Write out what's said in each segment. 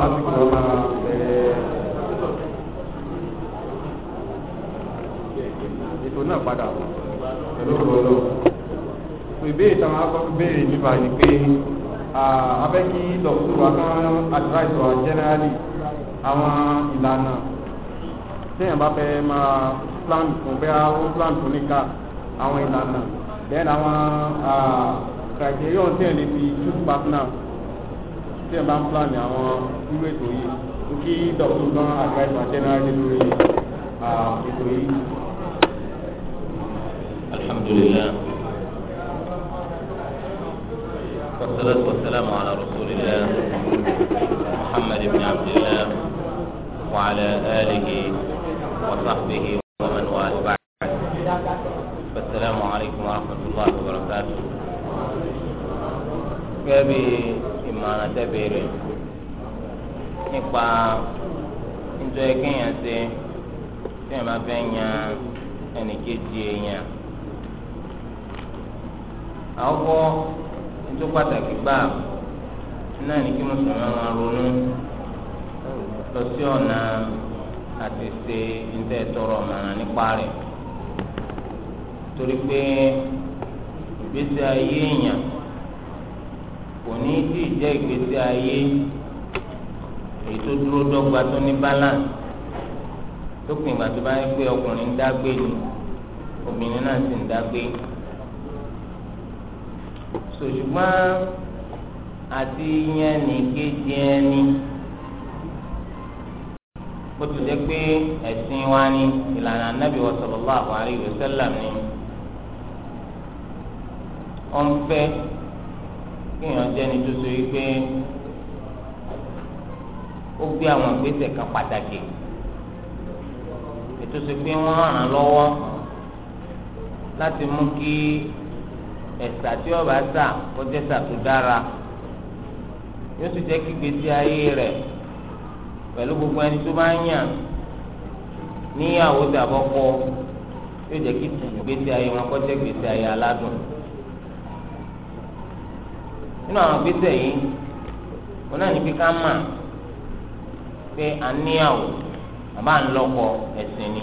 lásìkò ọmọ ètò náà padà pẹ̀lú ọ̀rọ̀ ìbéèrè táwọn akọ́ béèrè nípa ni pé abẹ́ kí dọ̀kítọ̀ wa kán advice wa generally àwọn ìlànà téèyàn bá fẹ́ máa plan fún bẹ́ẹ̀ ó plan fún níka àwọn ìlànà then àwọn criterion téèyàn lè fi choose partner téèyàn bá ń plan àwọn irú ètò yìí mú kí dọ̀tún gan àgbàgbà jẹ́nẹ́rálì lórí ètò yìí. alhamdulilayi wasalaatu wasalaamu ala rasulillah muhammad ibn abdillah wa ala alihi wa sahbihi wa man wala ba'd. السلام عليكم ورحمة الله وبركاته. كابي إما أنا تبيرين nípa nítorí kéèyàn ṣe kéèyàn bá fẹ́ yan ẹnìkejì èèyàn. àwọ̀ nítorí pàtàkì gbà náà ní kí mùsùlùmí máa ronú lọ sí ọ̀nà àti ṣe tọrọ ọ̀mọ̀ràn nípa rẹ̀ torí pé ìgbésí ayé èèyàn kò èyí tó dúró dọ́gba tó ní balance lópin ìgbà tó bá yẹ pé ọkùnrin ń dágbé ni obìnrin náà sì ń dágbé ṣùgbọ́n àti yẹn ní kejì ẹni bó ti jẹ́ pé ẹ̀sìn wa ni ìlànà anábì wa sallallahu alaihi wa sallam ni wọ́n fẹ́ kéèyàn jẹ́ni tó so yí pé ó gbé àwọn ìgbésẹ̀ kan pàtàkì ètò sì pé wọ́n ràn lọ́wọ́ láti mú kí ẹ̀sà tí ọba sà kó jẹ́ sà tó dára yóò sì jẹ́ kí gbèsè ayé rẹ̀ pẹ̀lú gbogbo ẹni tó bá ń yàn níyàwó dàbọ̀kọ yóò jẹ́ kí gbèsè ayé wọn kó jẹ́ gbèsè ayé aládùn nínú àwọn gbèsè yìí wọn náà ní kí máa pé à ń níyàwó àbá ń lọ́kọ ẹ̀sìn ni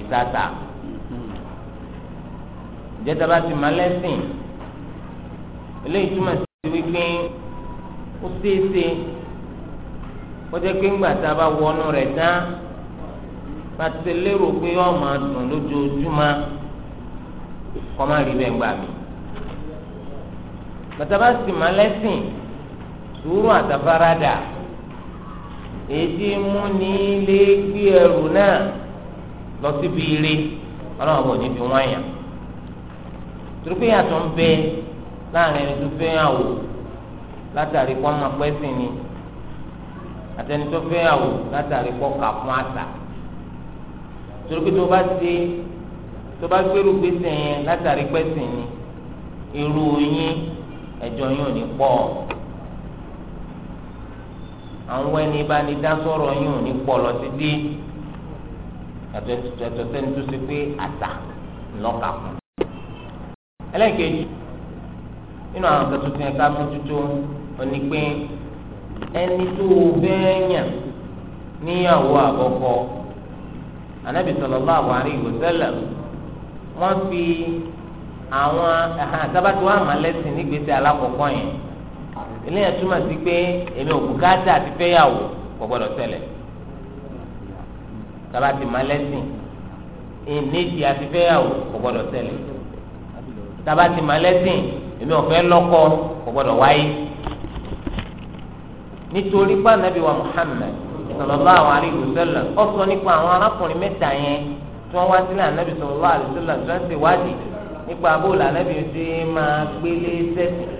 ìsàtà ìjẹta bá ti máa lẹ́sìn eléyìí túmọ̀ sí wípé ó ṣeéṣe ó jẹ́ pé ńgbà tá a bá wọnú rẹ̀ tán bá ti ṣe lérò pé ó máa dùn lójoojúmọ́ kọ́ má rí bẹ́ẹ̀ gbà mí bàtà bá sì máa lẹ́sìn sùúrù àtàfáradà èdè múni lé gbé ẹrù náà lọ síbi ire ọlọ́run bò ní fi wọ́n yàn torípé yàtọ̀ ń bẹ láàrin ẹni tó fẹ́ yàn wò látàrí kọ́ máa pẹ́ sí ni àtẹni tó fẹ́ yàn wò látàrí kọ́ kà fún àṣà torípé tó bá ṣe tó bá gbèrú gbèsè yẹn látàrí pẹ́ sí ni irú yín ẹjọ́ yín ò ní pọ̀ ọ́. àwọn ẹni bá ní dásọ̀rọ̀ yín ò ní pọ̀ lọ títí ẹ̀tọ́ sẹ́ni tó ṣe pé àtà lọ́ka kù. ẹlẹ́ẹ̀kejì nínú àwọn tuntun ẹ̀ka mójútó pé ẹni tó o bẹ́ẹ̀ yàn níyàwó àkọ́kọ́ wọ́n fi àwọn àtàbàtì wà nígbèsè alákọ̀ọ́kọ́ eléyà túmọ̀ sí pé èmi ò bùkátà àti fẹ́yàwó kò gbọ́dọ̀ ṣẹlẹ̀ tàbá ti máa lẹ́sìn ìnídìí àti fẹ́yàwó kò gbọ́dọ̀ ṣẹlẹ̀ tàbá ti máa lẹ́sìn èmi ò fẹ́ lọ́kọ kò gbọ́dọ̀ wáyé nítorí pé wa Muhammad sallallahu alaihi wasallam ó sọ nípa àwọn arákùnrin mẹ́ta yẹn tí wọ́n wá sílẹ̀ anabi sallallahu alaihi wasallam tí wọ́n ṣèwádìí nípa abóòlù anabi ti máa gbélé sẹ́sìn.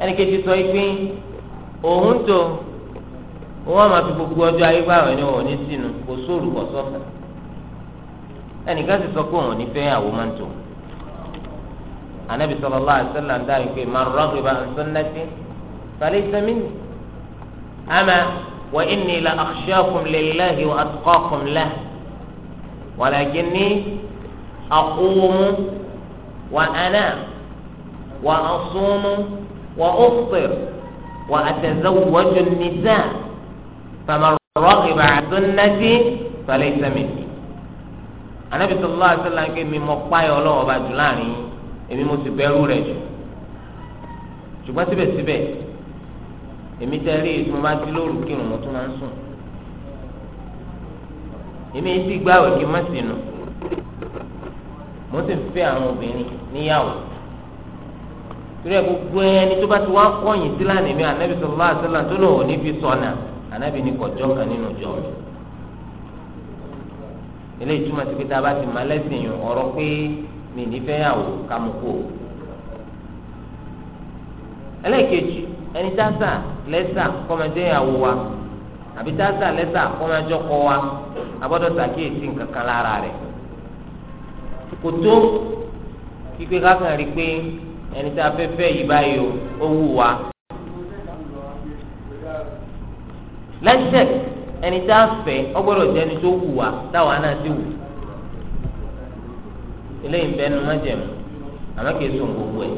ẹnì kejì sọ pé òun tó wọn máa fi gbogbo ọjọ́ ayé bá àwọn ẹni wọn ní sínú kò sóòrù kò sọfẹ ẹnìkan sì sọ pé òun ò ní fẹ́ àwọn máa ń tò anabi sallallahu alaihi wasallam dáa wípé man raghiba an sunnati falaysa minni ama wa inni la akhshakum lillahi wa atqakum lahu walakinni aqumu wa ana wa asumu. وأفطر وأتزوج النساء فمن رغب عن سنتي فليس مني anabi sallallahu alaihi wasallam ke mi mọ páyọ Ọlọ́run ọba jù láàrin èmi mo sì bẹ̀rù rẹ̀ jù ṣùgbọ́n síbẹ̀síbẹ̀ èmi tẹ́ rí ètò mo bá ti lóru kírun mo tún máa ń sùn èmi ti gbàwẹ̀ kí n má sínú mo sì ń fẹ́ àwọn obìnrin níyàwó torí ẹ gbogbo ẹni tó bá ti wá kọ̀yìn sí lánàá mi ànábì sallallahu alaihi wasallam tó lò ó níbi sọnà ànábì ní kọjọ kan nínú jọ mi. eléyìí túmọ̀ sí pé tá a bá ti máa lẹ́sìn yìí ọ̀rọ̀ pé mi ní fẹ́ yàwó ká mú kó. ẹlẹ́ẹ̀kejì ẹni tá a sà lẹ́sà kọ́mọdé yàwó wa àbí tá lẹ́sà kọ́mọdé ọkọ wa abọ́dọ̀ sàkíyèsí nǹkan kan lára rẹ̀ kò tó kíkẹ́ ká rí pé. ẹni tí a fẹ́ fẹ́ yìí báyìí ó wù wá. lẹ́sẹ̀ ẹni tí a fẹ́ ọ gbọ́dọ̀ jẹ́ ẹni tó wù wá táwa náà ti wù. eléyìí bẹ́ẹ̀ ni wọ́n jẹ̀ mú àmọ́ kìí sùn gbogbo ẹ̀.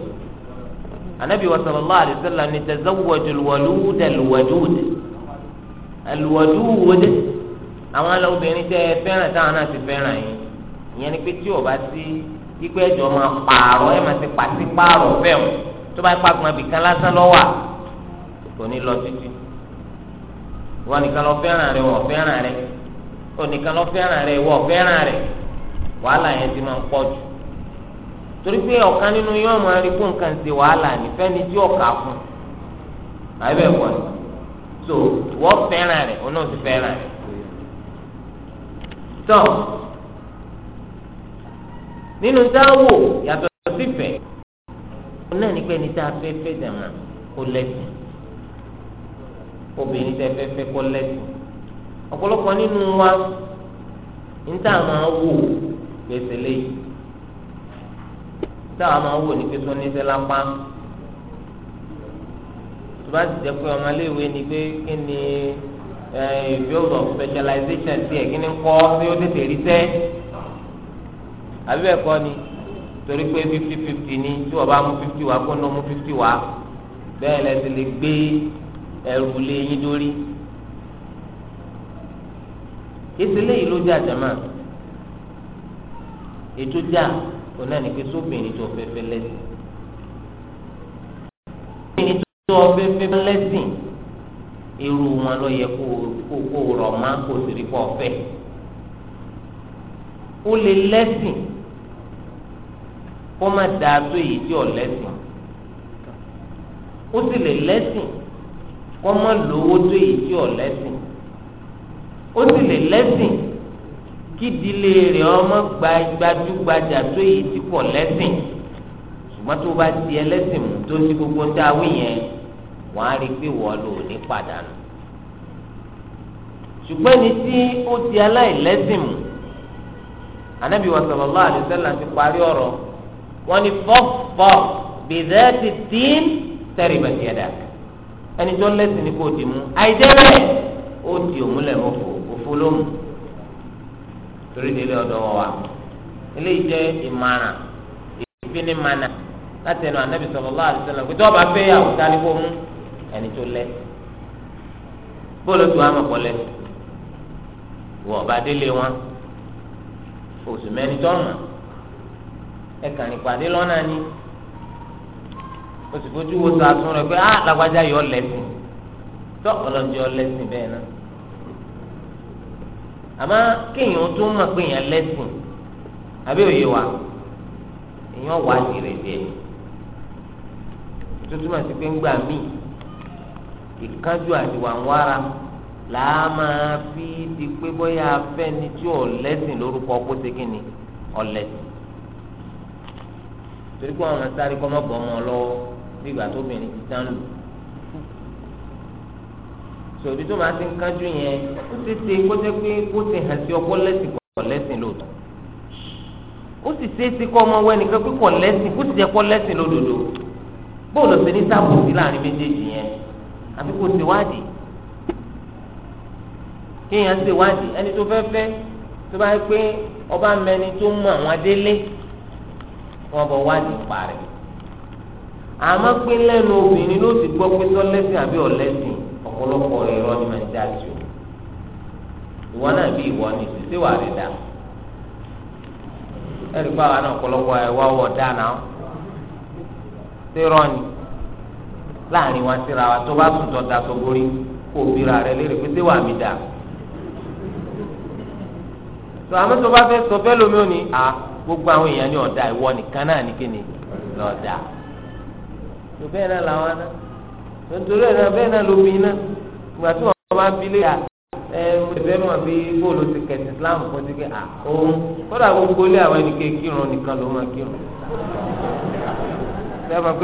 anabi wa sallallahu alayhi wa sallam ni tazawwaju alwadud alwadud àwọn alobìnrin tẹ fẹ́ràn táwọn náà ti fẹ́ràn yìí ìyẹn ni pé tí o bá ti. ikú ẹjọ máa pààrọ̀ ẹ máa ti pàṣẹ pààrọ̀ fẹm tó bá pa gbọn abìkan lásán lọ wà kò ní lọ títí wọn nìkan lọ fẹ́ràn rẹ wọn fẹ́ràn rẹ onìkan lọ fẹ́ràn rẹ wọn fẹ́ràn rẹ wàhálà yẹn ti máa ń pọ̀ jù torí pé ọ̀kan nínú yóò máa rí kó nǹkan ṣe wàhálà nífẹ̀ẹ́ ni tí ọ̀ka fún àbẹ̀ wọ̀ ni so wọ́n fẹ́ràn rẹ̀ òun náà ti fẹ́ràn rẹ̀ tọ́ nínú dáwò yàtọ̀ sífẹ̀ ó náà ní pé ní tá a fẹ́ fẹ́ dàmà kó lẹ́sìn obìnrin tẹ fẹ́ fẹ́ kó lẹ́sìn ọ̀pọ̀lọpọ̀ nínú wa ní tá a máa wò gbèsè léyìí tá a máa wò ní pé ní sẹ́lá pa tó bá ti jẹ́ pé ọmọléèwé ni pé kí ni eh, field of specialization tiẹ̀ kí ni kọ́ tí ó tètè rí sẹ́ẹ́ àbí bẹ́ẹ̀ kọ́ ni torí pé fifty fifty ni tí wọ́n bá mú fifty wá kó ní mú fifty wá bẹ́ẹ̀ lẹ́sẹ̀ lè gbé ẹrù lé yín dórí ìsìlẹ̀ yìí ló jẹ́ àjàmà ètò jà kò náà ní pé sóbìnrin tó fẹ́ fẹ́ lẹ́sìn sóbìnrin tó fẹ́ fẹ́ lẹ́sìn irú wọn ló yẹ kó kó rọ̀ má kó sì rí pọ̀ fẹ́ ó lè lẹ́sìn kó má dáa tó èyí tí ò lẹ́sìn ó sì lè lẹ́sìn kó má lówó tó èyí tí ò lẹ́sìn ó sì lè lẹ́sìn kí ìdílé rẹ̀ ọmọ gbajúgbajà tó èyí tí kò lẹ́sìn ṣùgbọ́n tó bá di ẹlẹ́sìn mú tó sí gbogbo tá a wí yẹn wọ́n á rí i pé wọ́n lò ní pàdánù ṣùgbọ́n ẹni tí ó di aláìlẹ́sìn mú Ànábì wa sallallahu alaihi wasallam ti parí ọ̀rọ̀ wọ́n ní fọ́fọ́ bìdẹ́ ti dín tẹ̀rì bàtì ẹ̀dá ẹni tó lẹ́sìn ní kò dì mú àìdẹ́rẹ́ ó di òmùlẹ̀ òfò òfò ló mú torí délé ọ̀dọ̀ wọn wa eléyìí jẹ́ ìmọ̀ràn ìfínni mọ̀nà láti ẹnu ànábì sallallahu alaihi wasallam pé tí wọ́n bá fẹ́ àwùjá ní kò mú tó lẹ́ bóòlù tó wà mọ̀pọ̀ lẹ́ wọ́n ọba délé wọn oṣù mẹ́ni tó mọ̀ ka ìpàdé lọ́nà ni oṣù wo sọ àtún rẹ pé á ah, làgbájá yọ lẹ́sìn tó ọ lẹ́sìn bẹ́ẹ̀ náà àmọ́ kéèyàn tó mọ̀ pé èèyàn lẹ́sìn àbí òye wa èèyàn wà á jèrè díẹ̀ tó túmọ̀ sí pé míì ìkánjú àdìwà ń wára máa fi di pé bóyá afẹ́ni tí ò lẹ́sìn lórúkọ kó torí pé àwọn sáré kọ́ mọ́bọ̀ ọmọ lọ́wọ́ bí ìgbà tó bìnrin ti tán lù sòbí tó máa ti ń kájú yẹn ó ti ṣe kótó pé kó ti hàn sí ọkọ lẹ́sìn kọ̀ lẹ́sìn lòótọ́ ó sì ṣe é ṣe kọ́ ọmọ wẹ́ni kan pé kọ̀ lẹ́sìn kó ti jẹ́ kọ́ lẹ́sìn lódodo bóòlù ṣe ní sábò sí láàrin méjèèjì yẹn àbí kó ṣe wádìí kéèyàn ṣe wádìí ẹni tó fẹ́ fẹ́ tó bá yẹ pé ọba mẹni tó mú àwọn adélé wọn bọ wádìí parí àmọ́ pé lẹ́nu obìnrin ló ti gbọ́ pé sọ́lẹ́sìn àbí ọ̀lẹ́sìn ọ̀pọ̀lọpọ̀ irọ́ ni máa ń dá sí o ìwọ náà bí ìwọ ni ṣíṣe wà rí dá ẹ̀rí pàwọn náà ọ̀pọ̀lọpọ̀ ẹ̀wọ́ wọ̀ dáná ṣérọ́ ni láàrin wa síra wa tó bá sùn tó da tó borí kó bíra rẹ lérè pé ṣé wà mí dá tó àmọ́ tó bá fẹ́ sọ fẹ́ lómi ò ní à. gbogbo àwọn èèyàn ní ọ̀dà ìwọ nìkan náà ní kíni lọ́dà bẹ́ẹ̀ náà làwọn náà nítorí ẹ̀ náà bẹ́ẹ̀ náà lómi ìgbà tí wọ́n bá fi lé ẹ ẹgbẹ́ mọ̀ bí bóòlù ti Islam fún ti kẹ́ kódà gbogbo ilé àwọn ẹnì kékeré nìkan ló máa kírun sẹ́wọ̀n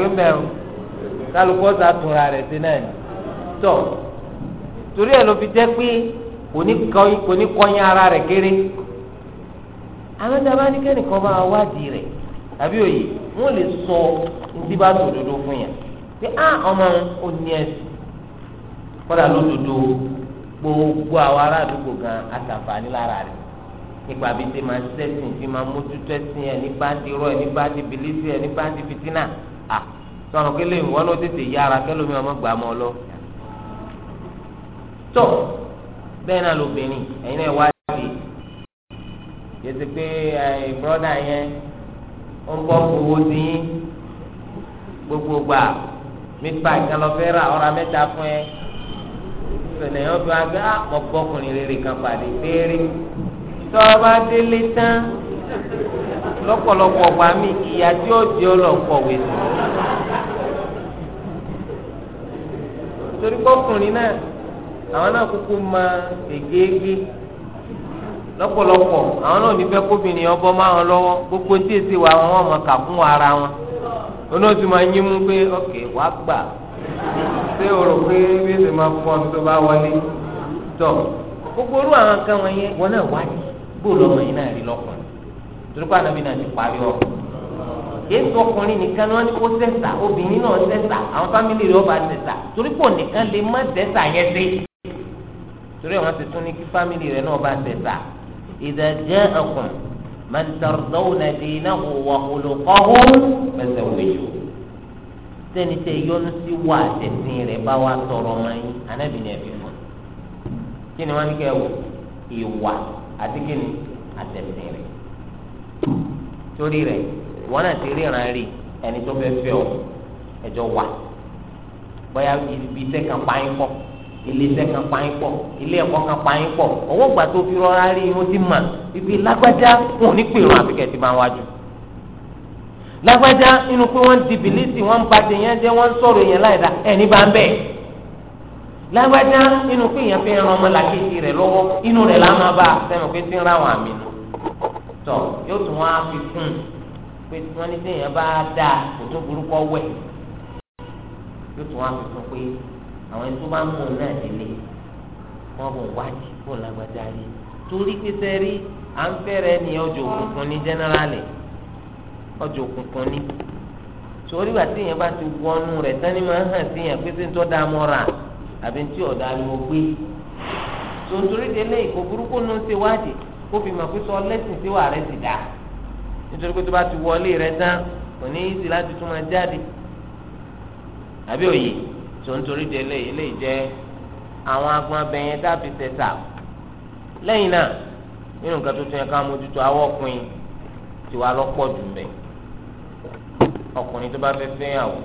pé ara rẹ̀ kéré. àwọn tí a bá ní kẹ́nìkan bá wádìí rẹ̀ àbí òye wọ́n lè sọ ní bá tó dodo fún yẹn pé á ah, ọmọ ò ní ẹ̀sìn kọ́dà lódodo gbogbo àwọn ará àdúgbò gan àtàǹfààní lára rẹ̀ nípa bí ṣe máa ṣẹ́sìn fi máa mójútó ẹ̀sìn ẹ̀ ní ti rọ ẹ̀ ní ti bìlísì ẹ̀ ní ti fìtínà à sọ̀rọ̀ kí lè wọ́n ló tètè yára kẹ́lómi ọmọ gbà mọ́ lọ. tó bẹ́ẹ̀ náà lóbìnrin ẹ̀yin náà wá yẹtù pé ẹ brọ́dà yẹn ó ń bọ́ owó sí yín gbogbo gbà mípa ìkànnọ́fẹ́ rà ọ̀rá mẹ́ta fún ẹ sọ̀nà yẹn fi wá gbé ah, ọkùnrin rere kan pàdé béèrè tọ́ ọ bá délé tán lọ́pọ̀lọpọ̀ ọ̀gbà mi ìyá tí ó di ọlọ́kọ̀wé sí. torí pé náà àwọn náà kúkú ma ègéégé. E lọpọlọpọ àwọn náà nífẹ̀ẹ́ kóbìnrin ọbọ máa wọn lọ́wọ́ gbogbo tí èsì wa wọn mọ kà ara wọn máa yín mú ok gbà ṣé o rò pé bí èsì máa fún ọ tó tọ gbogbo orú àwọn kan wọn yẹn wọn náà wá ní bó lọmọ yìí náà rí lọkùnrin torí náà ti parí ọ èso ọkùnrin nìkan ni wọn ní kó obìnrin náà àwọn fámìlì ọba torí nìkan lè má إذا جاءكم من ترضون دينه وخلقه فزوجوه sẹ́ni tẹ yọnu sí wà tẹ̀sìn rẹ̀ bá wa tọrọ ọmọ yín anábìnrin ẹ̀fín fún un kí ni wọ́n ní kẹ́ wò ìwà àti kí ni àtẹ̀sìn rẹ̀ torí rẹ̀ wọ́n náà ríran rí ẹni tó fẹ́ fẹ́ ọ ẹjọ́ wà bóyá ibi tẹ́ kan pa ń kọ́ iléeṣẹ́ kan pààyàn pọ̀ ilé ẹ̀kọ́ kan pààyàn pọ̀ owó gbà tó fi rọra rí i mo ti mà ibi lágbájá wọn ò ní pèrò àfikẹ́ ti máa wájú lágbájá inú pé wọ́n di bìlísì wọ́n ba tèèyàn jẹ́ wọ́n ń sọ̀rọ̀ èèyàn láìda ẹni bá ń bẹ̀ lágbájá inú pé èèyàn fẹ́ ran ọmọ làkejì rẹ̀ lọ́wọ́ inú rẹ̀ lá máa bá a sẹ́nu pé tí ń ráwọn àmì nù tọ yóò tún wá fi kún pé wọ́n ní tèèyàn bá dáa kò tó burúkọ wẹ̀ yóò tún wá fi kún pé àwọn ẹni tó bá mú un náà délé wọn bò wájú kó lágbájá rí torí pé sẹ́rí à ń fẹ́rẹ̀ ní ọjọ́ òkùnkùn ní jẹ́nẹ́rálì ọjọ́ òkùnkùn ní torí wà tí yẹn bá ti wọnú rẹ̀ sani máa hàn sí yẹn pé sèǹtọ́ dá mọ́ ra àbí tí ọ̀dà ni gbé tòǹtòrí délé ìkó burúkú nù ń ṣe wádìí kó fi mọ̀ pé sọ lẹ́sìn sí wà rẹ̀ sì dá nítorí pé tó bá ti wọlé rẹ̀ tán kò ní í sí láti tún máa jáde àbí òye tó ń torí de eléyìí eléyìí jẹ àwọn agbọn abẹyẹn dábì tẹta lẹ́yìn náà nínú nǹkan tó tún yẹ ká mójútó awọ ọkùnrin tiwa lọ́pọ̀ jù mbẹ ọkùnrin tó bá fẹ́ fẹ́ yàwó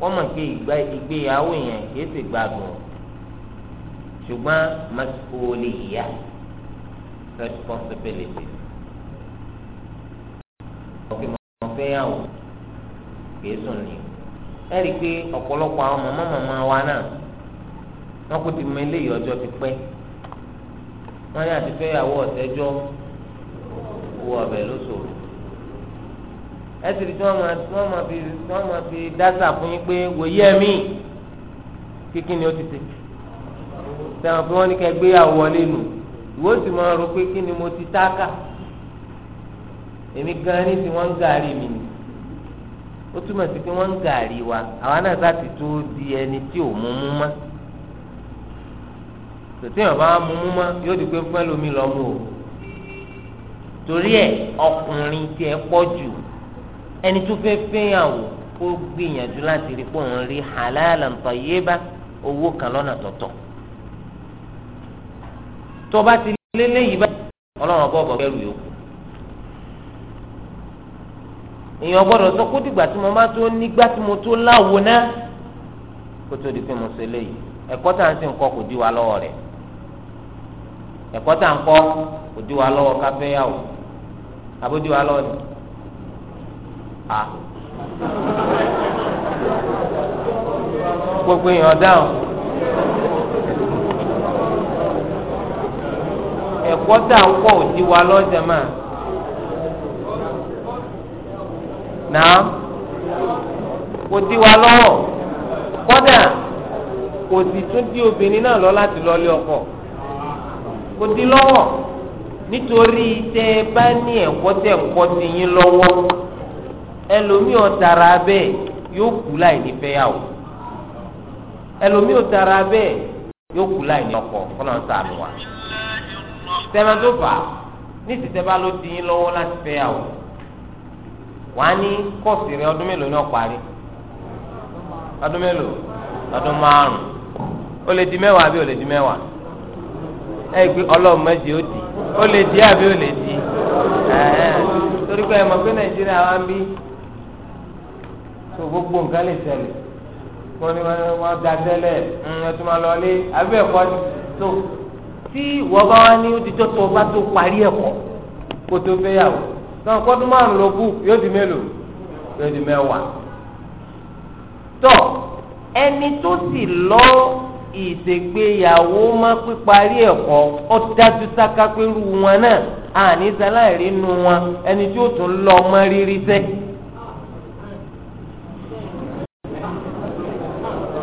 wọ́n mọ̀ pé ìgbà ìgbéyàwó yẹn kìí sì gbádùn ṣùgbọ́n mọ́síkòólì yá responsibility. ọ̀gbìn mọ̀ fẹ́ yàwó kìí sùn ní ẹ rí i pé ọ̀pọ̀lọpọ̀ àwọn màmá màmá wa náà wọ́n kò ti mọ eléyìí ọjọ́ ti pẹ́ wọ́n ní àti fẹ́yàwó ọ̀tẹ́jọ́ owó ọbẹ̀ ló ṣòro ẹ sì rí tí wọ́n máa fi wọ́n máa fi dáṣà fún yín pé wòye ẹ̀mí kíkí ni ó ti ṣe sẹ́wọ̀n pé wọ́n ní kẹ́ gbéyàwó wọlé nù ìwọ sì máa rò pé kí ni mo ti táàkà èmi gan ní tí wọ́n ń gàárì mi nì ó túmọ̀ sí pé wọ́n ń gàrí wa àwa náà bá ti tó di ẹni tí ò mú mú mọ́ tòtíyàn bá mú mú mọ́ yóò di pé fún ẹlòmíì lọ́ mú o torí ẹ ọkùnrin tí ẹ pọ̀ jù ẹni tó fẹ́ fẹ́yàwó ó gbìyànjú láti rí pé òun rí halalan tayyiba owó kan lọ́nà tọ̀tọ̀ tó bá ti lélẹ́yìí bá ọlọ́run ọgbọ́n bọ̀ kẹrù yòókù. èèyàn gbọ́dọ̀ sọ kó dìgbà tí mo máa tó nígbà tí mo tó láwo náà kó tó di pé mo ṣe léyìí ẹ̀kọ́ tá à ń sìn kọ́ kò dí wa lọ́wọ́ rẹ̀ ẹ̀kọ́ tá à ń kọ́ kò dí wa lọ́wọ́ káfẹ́yàwó àbó dí wa lọ́wọ́ ni à gbogbo èèyàn dáhùn ẹ̀kọ́ tá à ń kọ́ kò dí wa lọ́jọ́ máa. náà kò dí wa lọ́wọ́ kọ́dà kò sì tún dí obìnrin náà lọ láti lọ́lé ọkọ kò dí lọ́wọ́ nítorí tẹ́ ẹ bá ní ẹ̀kọ́ tẹ̀ ń kọ́ sí yín lọ́wọ́ ẹlòmíì ọ̀tara bẹ́ẹ̀ yóò kú láì ní fẹ́yàwó ẹlòmíì ọ̀tara bẹ́ẹ̀ yóò kú láì ní ọkọ kọ́nà ń sàánú wa tẹ́lẹ̀ tó fà ní ìsìtẹ́ bá ló di yín lọ́wọ́ láti fẹ́yàwó. wàá ní kọ́ọ̀sì rẹ ọdún mélòó ní ọ̀parí ọdún mélòó ọdún márùn ó lè di mẹ́wàá abi ó lè di mẹ́wàá ẹ gbé ọlọ́run méje ó di ó lè di àbí ó lè di torí pé ẹ mọ̀ pé nàìjíríà wá ń bí tó gbogbo nǹkan lè ṣẹlẹ̀ wọ́n ní wọ́n da ẹ hmm, tún máa àbí náà kọ́dún márùn ló kù yóò di mélòó yóò di mẹ́wàá. tọ́ ẹni tó sì lọ ìṣègbéyàwó má píparí ẹ̀kọ́ ó dájú sáká pẹ̀lú wọn náà àní sáláìrí nu wọn ẹni tí ó tún lọ mọ́ rírí sẹ́.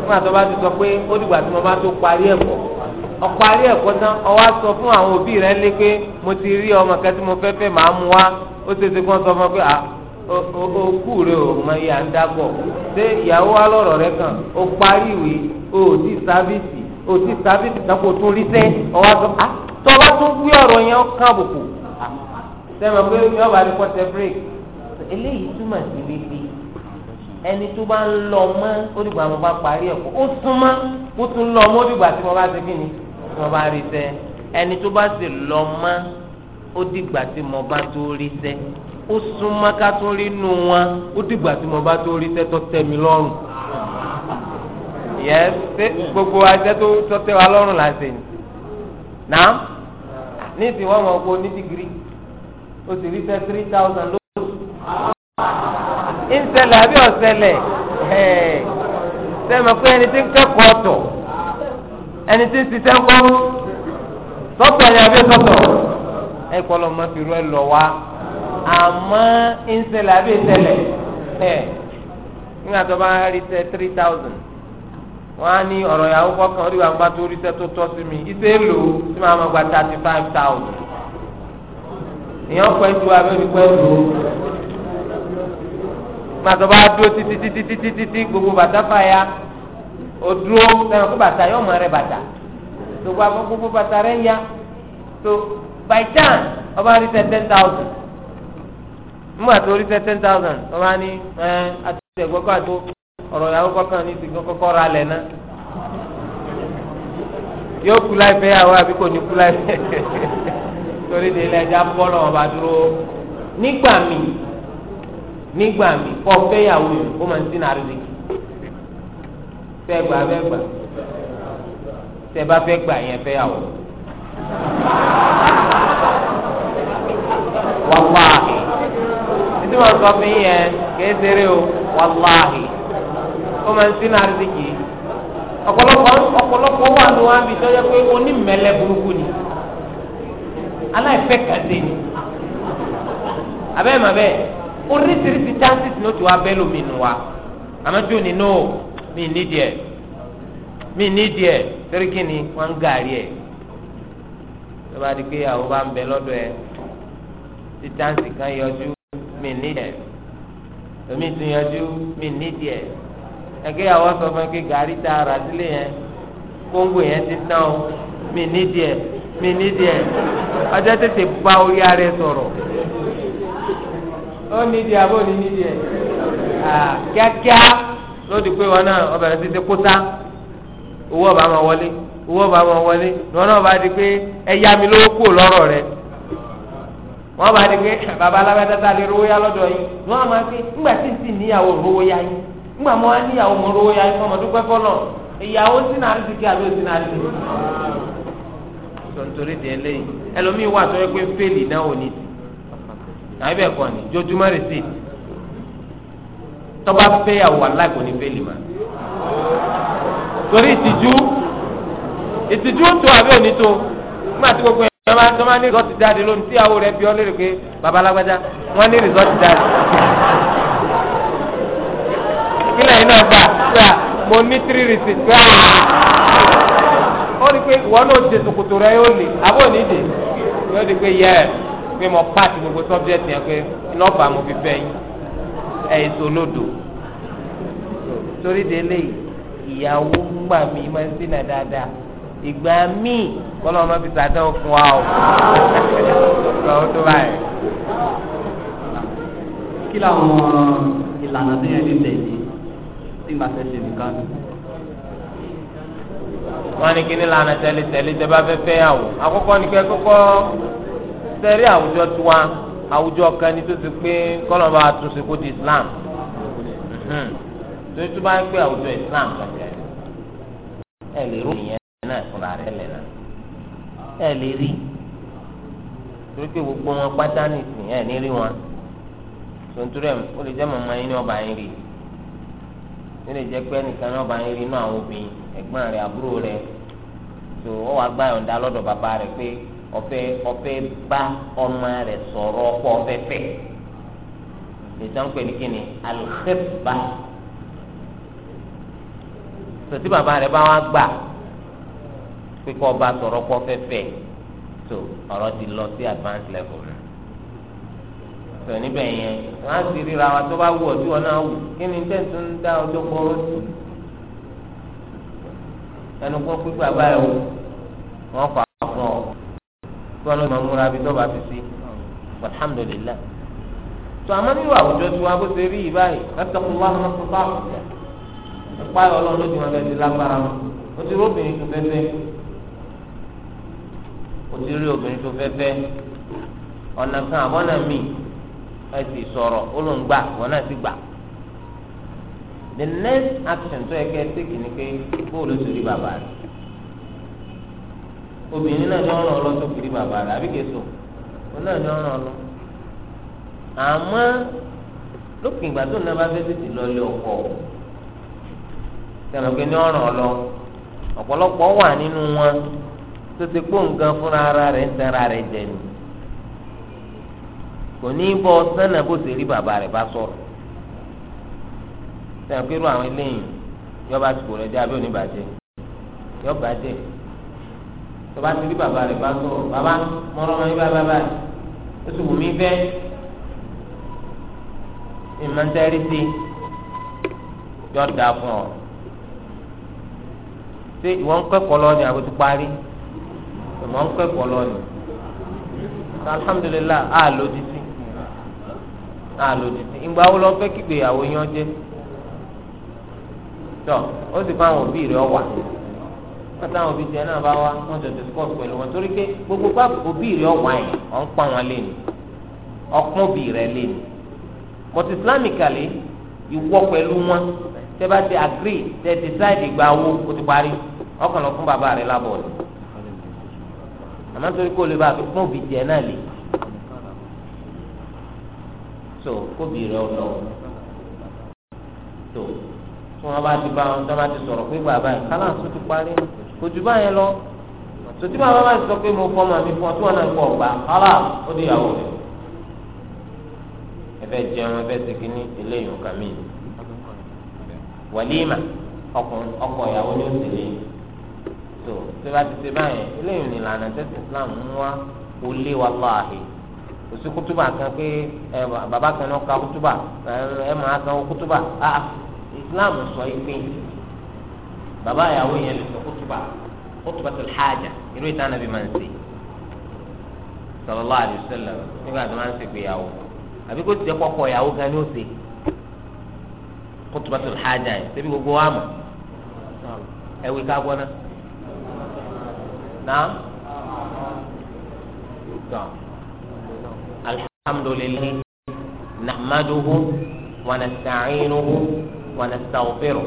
fún àtọ́ bá ti sọ pé ó dìgbà tí mo bá tó parí ẹ̀kọ́ ọkọ alẹ ẹ̀kọ́ tán ọwọ sọ fún àwọn òbí rẹ lé pé mo ti rí ọmọ kẹtí mo fẹ́fẹ́ màá mú wa ó ṣe ṣe kí sọ fún ọ pé à okú rẹ ò mọ iye ń dàgbọ ṣé ìyàwó wa lọ́rọ̀ rẹ kàn ó parí ìwé o ò sábìsì o ò tí sábìsì tako tó rí sẹ ọwọ sọ à tọba tó gbé ọ̀rọ̀ yẹn kàn àbùkù sẹmọ pé yọba ni kò tẹ break eléyìí túmọ̀ sí wípé ẹni tó bá ń lọ mọ́ ó dìgbà mo bá parí ẹ̀kọ́ ó súnmọ́ ó tún lọ mọ́ ó dìgbà tí mo bá ṣe kí ni wọ́n bá rí sẹ́ ẹni tó bá sì lọ mọ́ ó dìgbà tí mo bá tó rí sẹ́ ó súnmọ́ ká tó rí nu wọn ó dìgbà tí mo bá tó rí sẹ́ tó tẹ́ mi lọ́rùn yẹ gbogbo àṣẹ tó tó tẹ́ wa lọ́rùn là ń ní náà ní ìsìn wọn mọ̀ pé ní dìgírí ó sì rí sẹ́ three thousand lóṣù ń ṣẹlẹ̀ àbí ọ̀ṣẹlẹ̀ ẹ̀ẹ́ sẹ́mi pé ẹni tí ń kẹ́kọ̀ọ́ tọ̀. ẹni tí ń ṣiṣẹ́ ńkọ́ sọ́tọ̀ ni àbí sọ́tọ̀ ẹ kọlọ̀ mọ́ fi rú ẹ lọ wá àmọ́ ń ṣẹlẹ̀ àbí ṣẹlẹ̀ ẹ̀ nígbà tó bá rí sẹ́ three thousand wọ́n á ní ọ̀rọ̀ ìyàwó kọ̀ọ̀kan orí wa tó rí sẹ́ tó tọ́ sí mi ma gba thirty five thousand gbogbo bàtà ya. o dúró kó bàtà yóò mọ rẹ bàtà gba bàtà rẹ ya tó by chance ọba rí ten thousand nígbà tó rí thousand ọba ní ẹ àti ẹ̀gbọ́n kọ́ àti ọ̀rọ̀ ìyàwó kọ́kàn ní ti kọ́kọ́ ra lẹ̀ náà yóò kú láìpẹ́ yàwó àbí kò ní kú torí de ilé ẹja dúró nígbà nígbà yàwó yìí ó tẹ́ gbà bẹ́ gbà tẹ́ bá ya gbà yẹn yàwó. títí wọn sọ fún yẹn o ó máa ń ọ̀pọ̀lọpọ̀ ọ̀pọ̀lọpọ̀ wà ló wá bí sọ́jà pé onímẹ̀lẹ́ burúkú ni o. mi nídìí ẹ̀ mi nídìí ẹ̀ torí kí ni wọ́n ń gàrí ẹ̀ tó bá di pé àwọn bá ń bẹ kan yọjú mi nídìí ẹ̀ omi tún yọjú mi nídìí ẹ̀ ẹ̀kẹ́ ìyàwó sọ fún mi pé gàrí ta ara sílé yẹn kóńgò yẹn ti tán o mi nídìí ẹ̀ mi nídìí ẹ̀ ọjọ́ tètè bá orí ara ẹ̀ sọ̀rọ̀ ó nídìí àbó ní nídìí kíákíá. lóòdì pé wọn náà ọbẹ̀ rẹ̀ títí kúta owó ọba máa wọlé owó ọba máa wọlé wọn náà bá di pé ẹ mi lówó kúrò lọ́rọ̀ rẹ wọn bá di pé bàbá alábẹ́dẹ́ta lè rówó yá lọ́dọ̀ yín wọn máa fi ńgbà tí ń sì níyàwó rówó yá yín ńgbà mọ́ níyàwó mọ́ rówó yá yín fọmọ dúpẹ́ fọlọ́ ìyàwó sínú àlọ́ sínú wà tó yẹ pé náà ò ní tọ́ba fẹ́yàwó aláì kò ní fẹ́lì mà. torí ìtìjú ìtìjú tó àbí òní tó nígbà tí gbogbo ẹ̀ tọ́ba tọ́ba ní rìsọ́ọ̀tì jáde lónìí tíyàwó rẹ̀ bí ọ́ lérè pé babalágbájá wọ́n ní rìsọ́ọ̀tì jáde. ìpínlẹ̀ yìí náà gbà gbà mo ní tírí rìsì gbà ó rí pé ìwọ náà ti sòkòtò rẹ yóò lè àbọ̀ nídìí yóò di pé yẹ pé mo pààtì gbogbo sọ́bjẹ́tì yẹn pé iná mo fi fẹ́ yín ẹ̀yìn sọlódò torí délé ìyàwó gbà mí máa ń sínà dáadáa ìgbà míì kọ́lọ́ ọmọ fi sàdán fún wa o lọ́wọ́ tó báyìí. kí làwọn ìlànà tó yẹn lè tẹ̀lé nígbà tẹ̀lé nìkan. wọ́n ní kí ni lànà tẹ̀lé tẹ̀lé tẹ́ bá fẹ́ fẹ́ yàwó àkọ́kọ́ ni kẹ́ kọ́kọ́ tẹ̀lé àwùjọ tiwa àwùjọ kan ni tó ti pé kọ́nà bá tún ṣe kó di islam hmm. tó tún bá ń pè àwùjọ islam kankan ẹ lè rú ìyẹn náà fúnra rẹ lẹ náà ẹ lè rí torí pé gbogbo wọn pátá nìsín ẹ ní rí wọn tontoro ẹ ó lè jẹ màmá yín ní ọba yín rí ó lè jẹ pé ẹnìkan ní ọba yín rí inú àwọn obìnrin ẹ̀gbọ́n rẹ àbúrò rẹ tó ọ wàá gbà yọ̀ǹda lọ́dọ̀ bàbá rẹ pé ọfẹ ọfẹ bá ọmọ rẹ sọ̀rọ̀ ọpọ ọfẹfẹ nìtàn pé ní kíni alxeba sọtí bàbá rẹ bá wọn gbà pé kọ́ ọba sọ̀rọ̀ ọpọ ọfẹfẹ tó ọ̀rọ̀ ti lọ sí advanced level tò níbẹ̀ yẹn wọ́n á sì ríra wa tó bá wù ọ́ tí wọ́n náà wù kí ni tẹ̀sí ń dá ọjọ́ kọ́rọ́ sí ẹnu kó pípé àbáyọ̀ wọ́n fà tí wọn lọ máa múra bí tó bá fi sí alhamdulillah tó àmọ́ nínú àwùjọ tí wọn bó ṣe rí yìí báyìí lọ́sọ̀kùn wà wọn fún báwọn ọ̀gá ìpá ọlọ́run ló ti wọn bẹ́ẹ̀ ti lágbára wọn ó ti rí obìnrin tó fẹ́fẹ́ ó ti rí obìnrin tó fẹ́fẹ́ ọ̀nà kan àbọ̀nà mi ẹ sì sọ̀rọ̀ ó ló ń gbà wọn náà sì gbà the next action tó yẹ kẹ́ ẹ tẹ́kì ni pé bóòlù ti rí bàbá rẹ̀ obìnrin náà ní ọ̀ràn ọlọ́tọ̀ kiri bàbá rẹ̀ àbí kẹsọ òun náà ní ọ̀ràn ọlọ́ àmọ́ lópin ìgbà tó nàbà fẹ́ tètè lọlé ọkọ tẹ̀lé pé ní ọ̀ràn ọlọ́ ọ̀pọ̀lọpọ̀ wà nínú wọn tó ti kó nǹkan fúnra ara rẹ̀ ń tẹ́ra rẹ̀ jẹ ni kò ní bọ́ sánà bó ṣe rí bàbá rẹ̀ bá sọ̀rọ̀ tẹ̀lé pé irú àwọn eléyìí yọba àsìkò rẹ̀ jẹ́ abẹ́ òní bàjẹ́ yọba jẹ́ tọba ti rí bàbá rẹ̀ bá sọ̀rọ̀ bàbá mọ̀rọ̀ mọ̀ nígbà bàbá rẹ̀ ó sì wù mí fẹ́ ìmọ̀ntẹ́rì sí yọ̀ dà fún ọ ṣé ìwọ ń kẹ́kọ̀ọ́ lọ ni àbótú parí ìwọ ń kẹ́kọ̀ọ́ lọ ni alhamdulilah a lò títí a lò títí ìgbà wo lọ fẹ́ kígbe ìyàwó yẹn jẹ́ tọ́ ó sì fún àwọn òbí rẹ̀ ọ wà wọn táwọn òbí tiẹ̀ náà bá wá wọn jọ discuss pẹ̀lú wọn torí pé gbogbo pápá òbí rẹ̀ ọ̀wá yẹn ọ̀n pa wọn lé ni ọ̀pọ̀ òbí rẹ̀ lé ni but islamically ìwọ pẹ̀lú wọn tẹ́ bá ti agree tẹ́ decide ìgbà wo o ti parí ọkàn lọ fún bàbá rẹ̀ lábọ̀ ni àmọ́ torí kó lè bá a fi pọ́n òbí tiẹ̀ náà lè so kóbi rẹ̀ ọ̀ lọ tó tí wọn bá ti bá wọn tí wọn bá ti sọ̀rọ̀ pé bàbá yìí kálá sùn ti parí Ojuba jù báyẹn lọ sòtí bàbá bá sọ pé mo fọmọ mi fún ọ tí wọn náà kọ ọgbà ọlá ó di ìyàwó rẹ ẹfẹ jẹun ẹfẹ sèkínní eléyìí ọkà mi wàlíìmà ọkùnrin ọkọ ìyàwó ni ó sì lé tó tí bá ti ṣe báyẹn eléyìí ìlànà tẹsí Islam ń wá ó lé wa lọ òsì kútúbà kan pé ẹ bàbá kan náà ka kútúbà ẹ máa sanwó kútúbà ah Islam sọ yìí pé bàbá ìyàwó yẹn lè sọ الخطبة خطبة الحاجة irú ìtàn nàbí máa ń ṣe sallallahu alaihi wasallam nígbà tó máa ń ṣe ìgbéyàwó àbí kó tiẹ̀ kọ́kọ́ ìyàwó gan ni ó ṣe khutbatu al-haja yìí ṣebí gbogbo wa mọ̀ ẹ̀wì ká gbọ́ ná náà tọ́ alhamdulilayi nahmaduhu wa nasta'inuhu wa nastaghfiruh.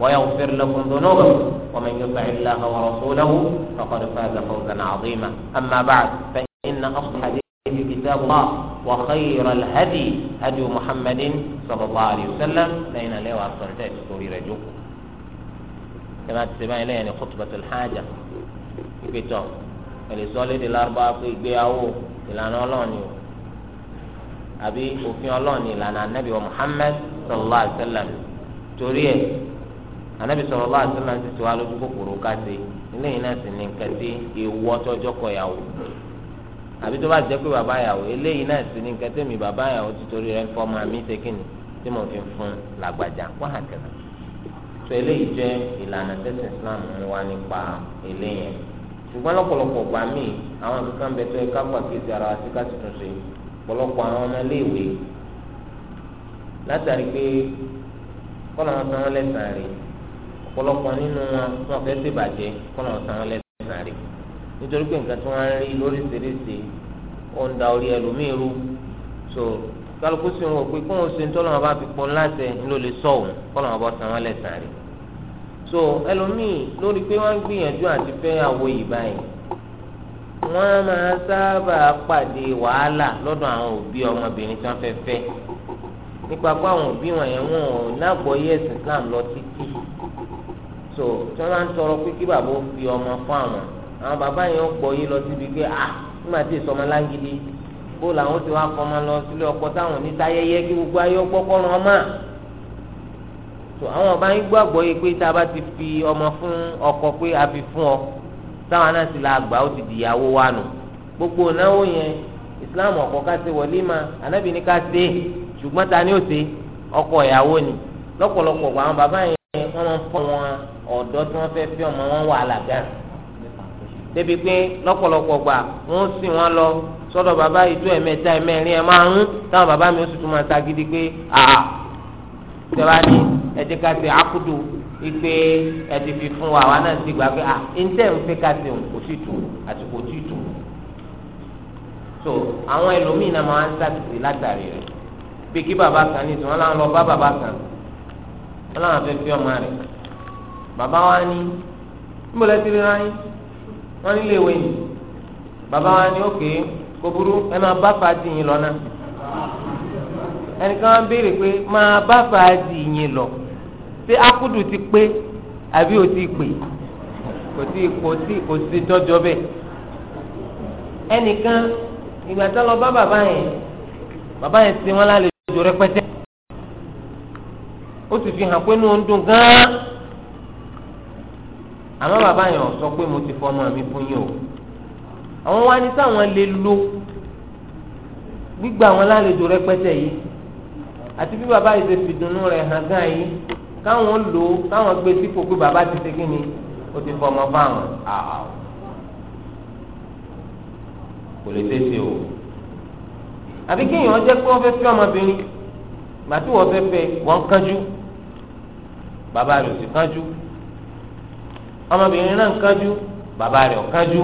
ويغفر لكم ذنوبكم ومن يطع الله ورسوله فقد فاز فوزا عظيما أما بعد فإن أصل الحديث كتاب الله وخير الهدي هدي محمد صلى الله عليه وسلم لأن لا وأرسلت سوري رجوك كما تسمع إليه خطبة الحاجة ìpètò ẹlẹsọlẹ di larubá pé ìgbéyàwó ìlànà ọlọ́ọ̀ni o àbí òfin ọlọ́ọ̀ni ìlànà anabi wa صلى الله عليه وسلم sallam anabi sọlọ lọ àti náà ti tó alójú kòkòrò káṣe eléyìí náà sì ní nǹkan tí ewu ọtọjọ kọ àbí tó bá jẹ pé bàbá yàwó eléyìí náà sì ní nǹkan mi bàbá yàwó ti torí rẹ fọ ọmọ mi ṣe kíni tí mo fi fún làgbàjà wọn hàn kẹlẹ tó eléyìí jẹ ìlànà tẹsán islam ń wá nípa eléyìí ṣùgbọ́n lọ́pọ̀lọpọ̀ gbà mí àwọn kankan bẹ tó ẹka pàkíyèsí ara wa sí ká tuntun ṣe pọ̀lọpọ̀ àwọn ọmọ iléèwé látàrí pé kọ́nà ọ̀pọ̀lọpọ̀ nínú wọn wọn fẹ́ẹ́ ṣèbàjẹ́ kọlọ san lẹsàn rẹ nítorí pé nǹkan tí wọn rí lóríṣiríṣi ó ń da orí ẹlòmíì rú so kálukú sì ń wò pé kóun ṣe ń tọ́lọ́ wọn bá fi pọn láṣẹ ló lè sọ òun kọlọ wọn bọ san wọn lẹsàn rẹ so ẹlòmíì lórí pé wọn ń gbìyànjú àti fẹ́ àwo yìí báyìí wọn máa sábà pàdé wàhálà lọ́dọ̀ àwọn òbí ọmọbìnrin tí wọn fẹ́ fẹ́ nípa pé àwọn òbí wọn yẹn wọn ò nágbọ́yé ẹ̀sìn Islam lọ títí so tí wọn bá ń tọrọ pé kí bàbá ó fi ọmọ fún àwọn àwọn bàbá yẹn ó gbọ́ yín lọ síbi pé ah nígbà tí èso ọmọ lágídí bó làwọn ti wá kọ́ ọmọ lọ sílé ọkọ táwọn ní táyẹyẹ kí gbogbo ayé ọgbọ́ kọ́ ọ́n so àwọn ọba yín gbọ́ àgbọ́ yìí pé tá a bá ti fi ọmọ fún ọkọ pé a fi fún ọ táwọn náà ti la àgbà ó ti dìyàwó wa nù gbogbo náwó yẹn Islam ọkọ ká ṣe wọlímà Ànábì ní ká ṣe ṣùgbọ́n ta ni ó ṣe ọkọ ìyàwó ni lọ́pọ̀lọpọ̀ àwọn bàbá yẹn wọ́n máa ń fọ́ wọn ọ̀dọ́ tí wọ́n fẹ́ẹ́ fi ọmọ wọn wà àlàgà débi pé lọ́pọ̀lọpọ̀ gbà wọ́n sì wọ́n lọ sọ́dọ̀ bàbá ìjọ ẹ̀mẹ́ta ẹ̀mẹ́rin ẹ̀ máa ń táwọn bàbá mi ó sì tún máa ta gidi pé àà tẹ́wá ní ẹ ti ká ṣe àkúdù ipe ẹ ti fi fún wa wa náà ti gbà pé à ńtẹ̀ ń fẹ́ ká ṣe kò sí tù àti kò tí tù so àwọn ẹlòmíín náà máa ń ṣàtìsí látàrí rẹ̀ bí kí bàbá kan ní tí wọ́n láwọn lọ bá bàbá kan ọlọ́run àfẹ́ fi ọmọ rẹ̀ bàbá wa ní níbọ̀lẹ́ ti rí ráyìn wọ́n nílé ìwé yìí bàbá wa ní òkè kò burú ẹ máa bá fàájì yín lọ ẹnìkan wọn béèrè pé máa bá fàájì yín lọ ṣé akudu ti pé àbí o ti pè kò sí kò sí kò sí ó sì fi hàn pé inú ń dùn gan-an àmọ́ bàbá yẹn sọ pé mo ti fọmọ mi fún yín o àwọn wá ní sáwọn lè lo gbígbà àwọn lálejò rẹpẹtẹ yìí àti bí bàbá yìí ṣe fìdùnnú rẹ̀ hàn gan yìí káwọn lò ó káwọn gbé sípò pé bàbá ti ṣe kíni ó ti fọmọ fáwọn kò lè tẹ̀sí o àbí kéèyàn jẹ́ pé wọ́n fẹ́ fẹ́ ọmọbìnrin gbàtí wọ́n fẹ́ fẹ́ wọ́n kánjú bàbá rẹ̀ ò sì kánjú ọmọbìnrin náà ń kánjú bàbá rẹ̀ ò kánjú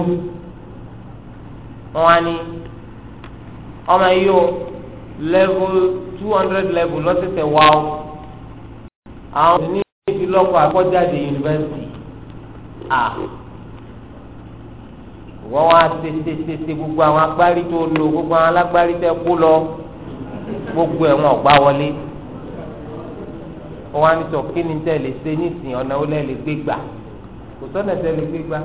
wọn á ní ọmọ yìí ó level two hundred level lọ́sẹ̀sẹ̀ wá o àwọn ní ìfilọ́kọ̀ àkọ́jáde yunifásitì à wọ́n wá tètè gbogbo àwọn agbárí tó lò gbogbo àwọn alágbárí tẹ́ kó lọ gbogbo ẹ̀ wọn ò wọlé wọn wá ní sọ kí ni tẹ́ lè ṣe nísìnyí ọ̀nà ó lẹ́ lè gbé gbà kò sọ́nà tẹ́ lè gbé gbà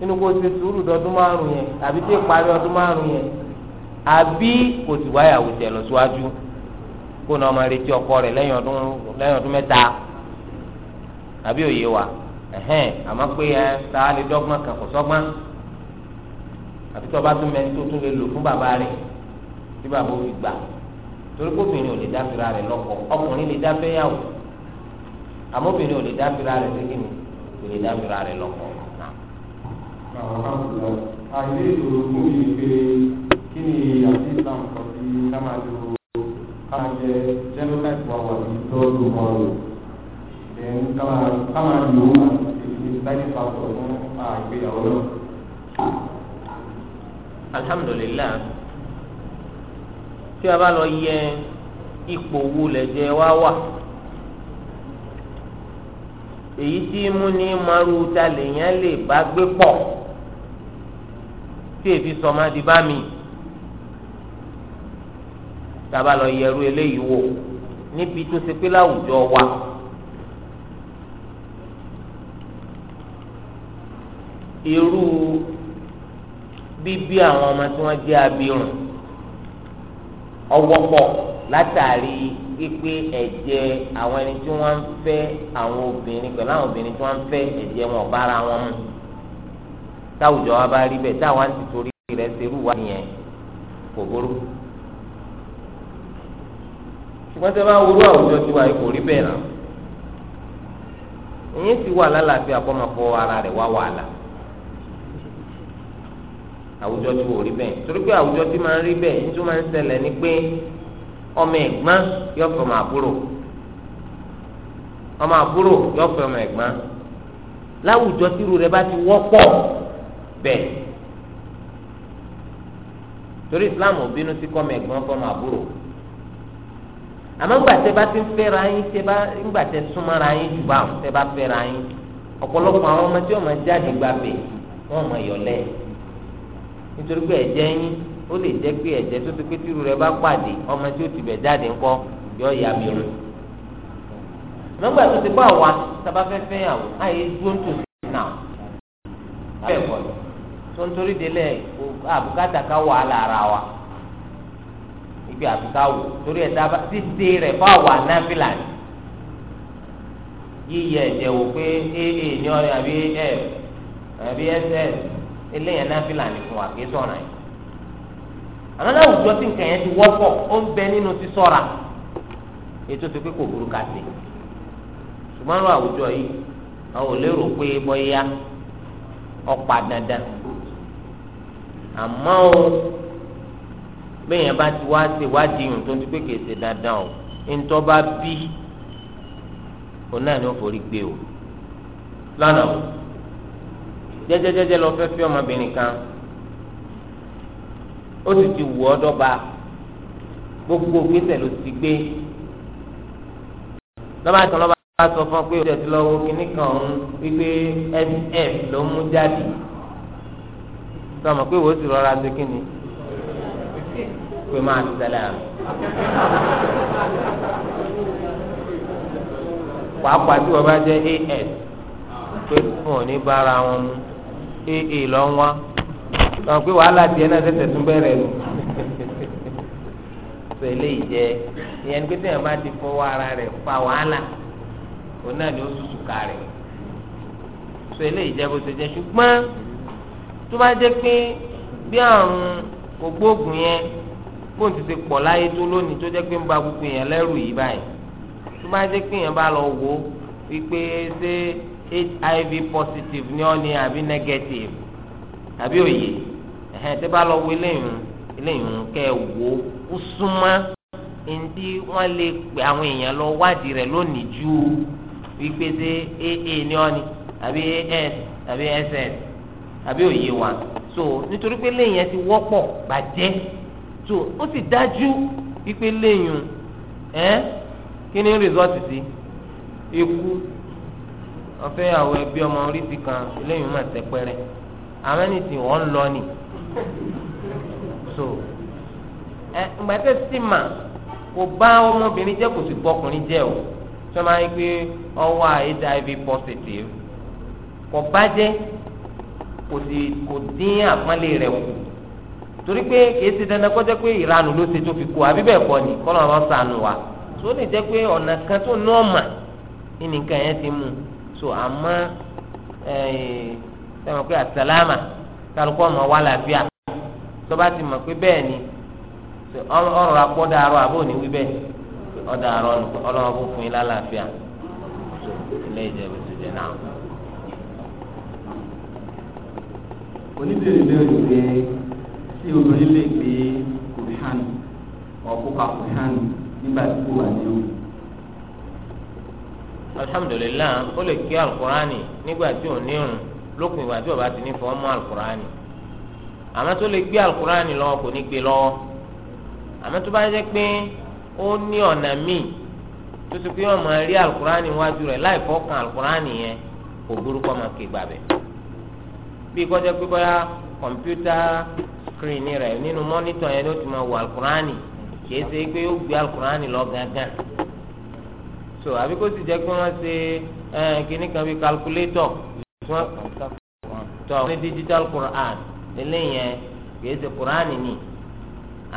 nínú kó ṣe sùúrù dọ́dún márùn yẹn àbí tí ìparí ọdún márùn yẹn àbí kò sì wáyàwó tẹ̀ lọ síwájú kó náà máa retí ọkọ rẹ̀ lẹ́yìn ọdún lẹ́yìn ọdún mẹ́ta àbí òye wa àmọ́ pé ẹ ta lè dọ́gbọ́n kan kò sọ́gbọ́n àbí tí ọba tún mẹ́ni tó tún lè lò fún bàbá rẹ̀ tí bàbá ó fi gbà torí pé obìnrin ò lè dá fira rẹ̀ ọkùnrin lè dá fẹ́yàwó obìnrin ò lè dá fira rẹ̀ ni kò lè dá fira rẹ̀ àìlè ìṣòro fún mi pé kí ni àti islam sọ sí ká máa lo ká máa jẹ genotype then ká máa àti ìdájọ́ pàtó fún àgbéyàwó ah, náà. alhamdulilayi tí a bá lọ yẹ ipò wo lẹ̀jẹ̀ wa wà èyí tí mú ní maru ta lèèyàn lè bá gbé pọ̀ tí èfi sọmọ di bá mi tá a bá lọ yẹru eléyìí wò níbi tó ṣe pé láwùjọ wa. irú bíbí àwọn ọmọ tí wọ́n jẹ́ abirùn ọwọ́pọ̀ látàrí pípé ẹ̀jẹ̀ àwọn ẹni tí wọ́n ń fẹ́ àwọn obìnrin pẹ̀lú àwọn obìnrin tí wọ́n ń fẹ́ ẹ̀jẹ̀ wọn bára wọn mu táwùjọ wa bá rí bẹ́ẹ̀ táwọn ti torí rẹ̀ ṣerú wa nìyẹn kò burú ṣùgbọ́n tí a bá wúrú àwùjọ tiwa yìí kò rí bẹ́ẹ̀ náà èyí ti wà lálàáfíà kọ́ ara rẹ̀ wá wàhálà. àwùjọ tí wò rí bẹ́ẹ̀ torí pé àwùjọ tí máa ń rí bẹ́ẹ̀ tó máa ń ṣẹlẹ̀ ni pé ọmọ ẹ̀gbọ́n yóò fẹ́ ọmọ àbúrò ọmọ àbúrò yóò fẹ́ bá ti wọ́pọ̀ bẹ́ẹ̀ torí Islam Obinu bínú sí ẹ̀gbọ́n àbúrò àmọ́ ńgbà ti ń fẹ́ra yín tẹ́ bá ńgbà tẹ́ súnmọ́ra yín jù bá tẹ́ bá fẹ́ra yín ọ̀pọ̀lọpọ̀ àwọn ọmọ tí nítorí pé ẹ̀jẹ̀ yín ó lè jẹ́ pé ẹ̀jẹ̀ tó ti pé tìrú rẹ̀ bá pàdé ọmọ tí ó ti bẹ̀ jáde yọ ìyá mi nígbà tó ti bá wa sábà fẹ́ fẹ́ yàwó àyè dúró nà bẹ́ẹ̀ kọ́ tó ń torí délé àbùkátà ká wà lára wa ìgbé àbùká wò torí ẹ̀ dábàá títí rẹ̀ fún àwọn anáfìlà yíyẹ ẹ̀jẹ̀ eléyàn náà fi lànà fún wa kì í sọ̀rọ̀ yẹn àmọ́ láwùjọ tí nǹkan yẹn ti wọ́pọ̀ ó ń bẹ nínú ti sọ́ra ètò ti pé kò burú ká sí ṣùgbọ́n ní àwùjọ yìí àwọn ò lérò pé bọ́yá ọ̀pá dandan àmọ́ o bẹ́ẹ̀yẹn bá ti wá ṣèwádìí yòó tó ti pé kìí ṣe dandan o ńtọ́ bá bí òun náà ni ó forí gbé o lánàá. jẹ́jẹ́jẹ́jẹ́ lọ fẹ́ fi ọmọbìnrin kan ó sì ti wù ọ́ dọ́gba gbogbo gbèsè ló ti gbé lọ́ba tán lọ́ba bá sọ fún ọ pé ọ̀sẹ̀ ti lọ wo kinní kan òun wípé sf ló mú jáde sọmọ pé wò ó sì rọra ṣe kínni pé máa ti tẹ̀lé àmì. pàápàá tí wọ́n bá jẹ́ as pé fún òní bára wọn mú ee lọ wọn wọn pé wàhálà tiẹ̀ náà tẹsẹ̀ tún bẹ̀rẹ̀ lọ sọ eléyìí jẹ ìyẹn ní pé téèyàn bá ti fọwọ́ ara rẹ̀ fa wàhálà òun náà ni ó sùsù ká rẹ̀ sọ eléyìí jẹ bó ṣe jẹ ṣùgbọ́n tó bá jẹ́ pé bí àrùn ògbóògùn yẹn bóun ti ti pọ̀ láyé tó lónìí tó jẹ́ pé ń ba gbogbo èèyàn lẹ́rù yìí báyìí tó bá jẹ́ pé èèyàn bá lọ wò ó wípé ṣé hiv positive ni ọ́ àbí negative àbí òye ẹ̀hẹ́n tí bá lọ wo eléyìí eléyìí kẹ́ ẹ wò ó súnmọ́ ntí wọ́n lè pè àwọn èèyàn lọ wádìí rẹ̀ lónìí ju wípé ṣé aa ni ọ́ àbí as àbí ss àbí òye wa so nítorí pé lẹ́yìn ẹ ti wọ́pọ̀ bàjẹ́ so ó sì dájú wípé lẹ́yìn ẹ kí ni rìsọ́ọ̀tì sí ikú. ọfẹ yàwó ẹbí ọmọ oríṣi kan eléyìí mà tẹpẹrẹ àwọn ẹni wọn lọ ni so ẹ gbàtẹ sí mà kò bá ọmọbìnrin jẹ kò sì bọ ọkùnrin jẹ o tí wọn máa ń pè ọwọ́ hiv positive kò bá jẹ kò sì kò dín àpọ́nlé rẹ̀ wò torí pé kìí ṣe dandan kọjá pé ìranù ló ṣe tó fi kú àbí bẹ́ẹ̀ kọ́ ni kọ́nà wọn sànù wa tó lè pé ọ̀nà kan tó nọ́ọ̀mà nìkan yẹn ti mú un. so àmọ́ sẹ́wọ̀n pé àsálàmà kálukú ọmọ wa làbíà tọ́ba ti mọ̀ pé bẹ́ẹ̀ ni ọ̀rọ̀ akpọ́ dàrọ̀ àbò ni wí bẹ́ẹ̀ ọ̀dàrọ̀ ọlọ́wọ́ bó fún yín lálàáfíà so ilé ìjẹ̀bù ti jẹ̀ náà. oníbèrè bẹ́ẹ̀ pé tí obìnrin lè gbé kùrìhánì ọ̀kúkà kùrìhánì nígbà tí kò wà ní alhamdulilayi ó lè ké alukurani nígbà tí ò ní irun lópin ìgbà tí ọba ti ní fọ́ mọ́ alukurani àmọ́ tó lè gbé alukurani lọ́wọ́ kò ní gbé lọ́wọ́ àmọ́ tó bá yẹ pé ó ní ọ̀nà míì tó ti pé wọ́n máa rí alukurani wájú rẹ̀ láì fọ́kàn alukurani yẹn kò burúkọ máa ké gbàbẹ̀ bí kọjá pé bóyá kọ̀mpútà skrini rẹ̀ nínú mọ́nítọ̀ yẹn ló ti máa wọ alukurani kì í ṣe pé ó gbé alukurani lọ gángan so àbí kó sì jẹ́ pé wọ́n ṣe kínní kan bíi calculator tó ní digital quran eléyẹn kìí ṣe quran ni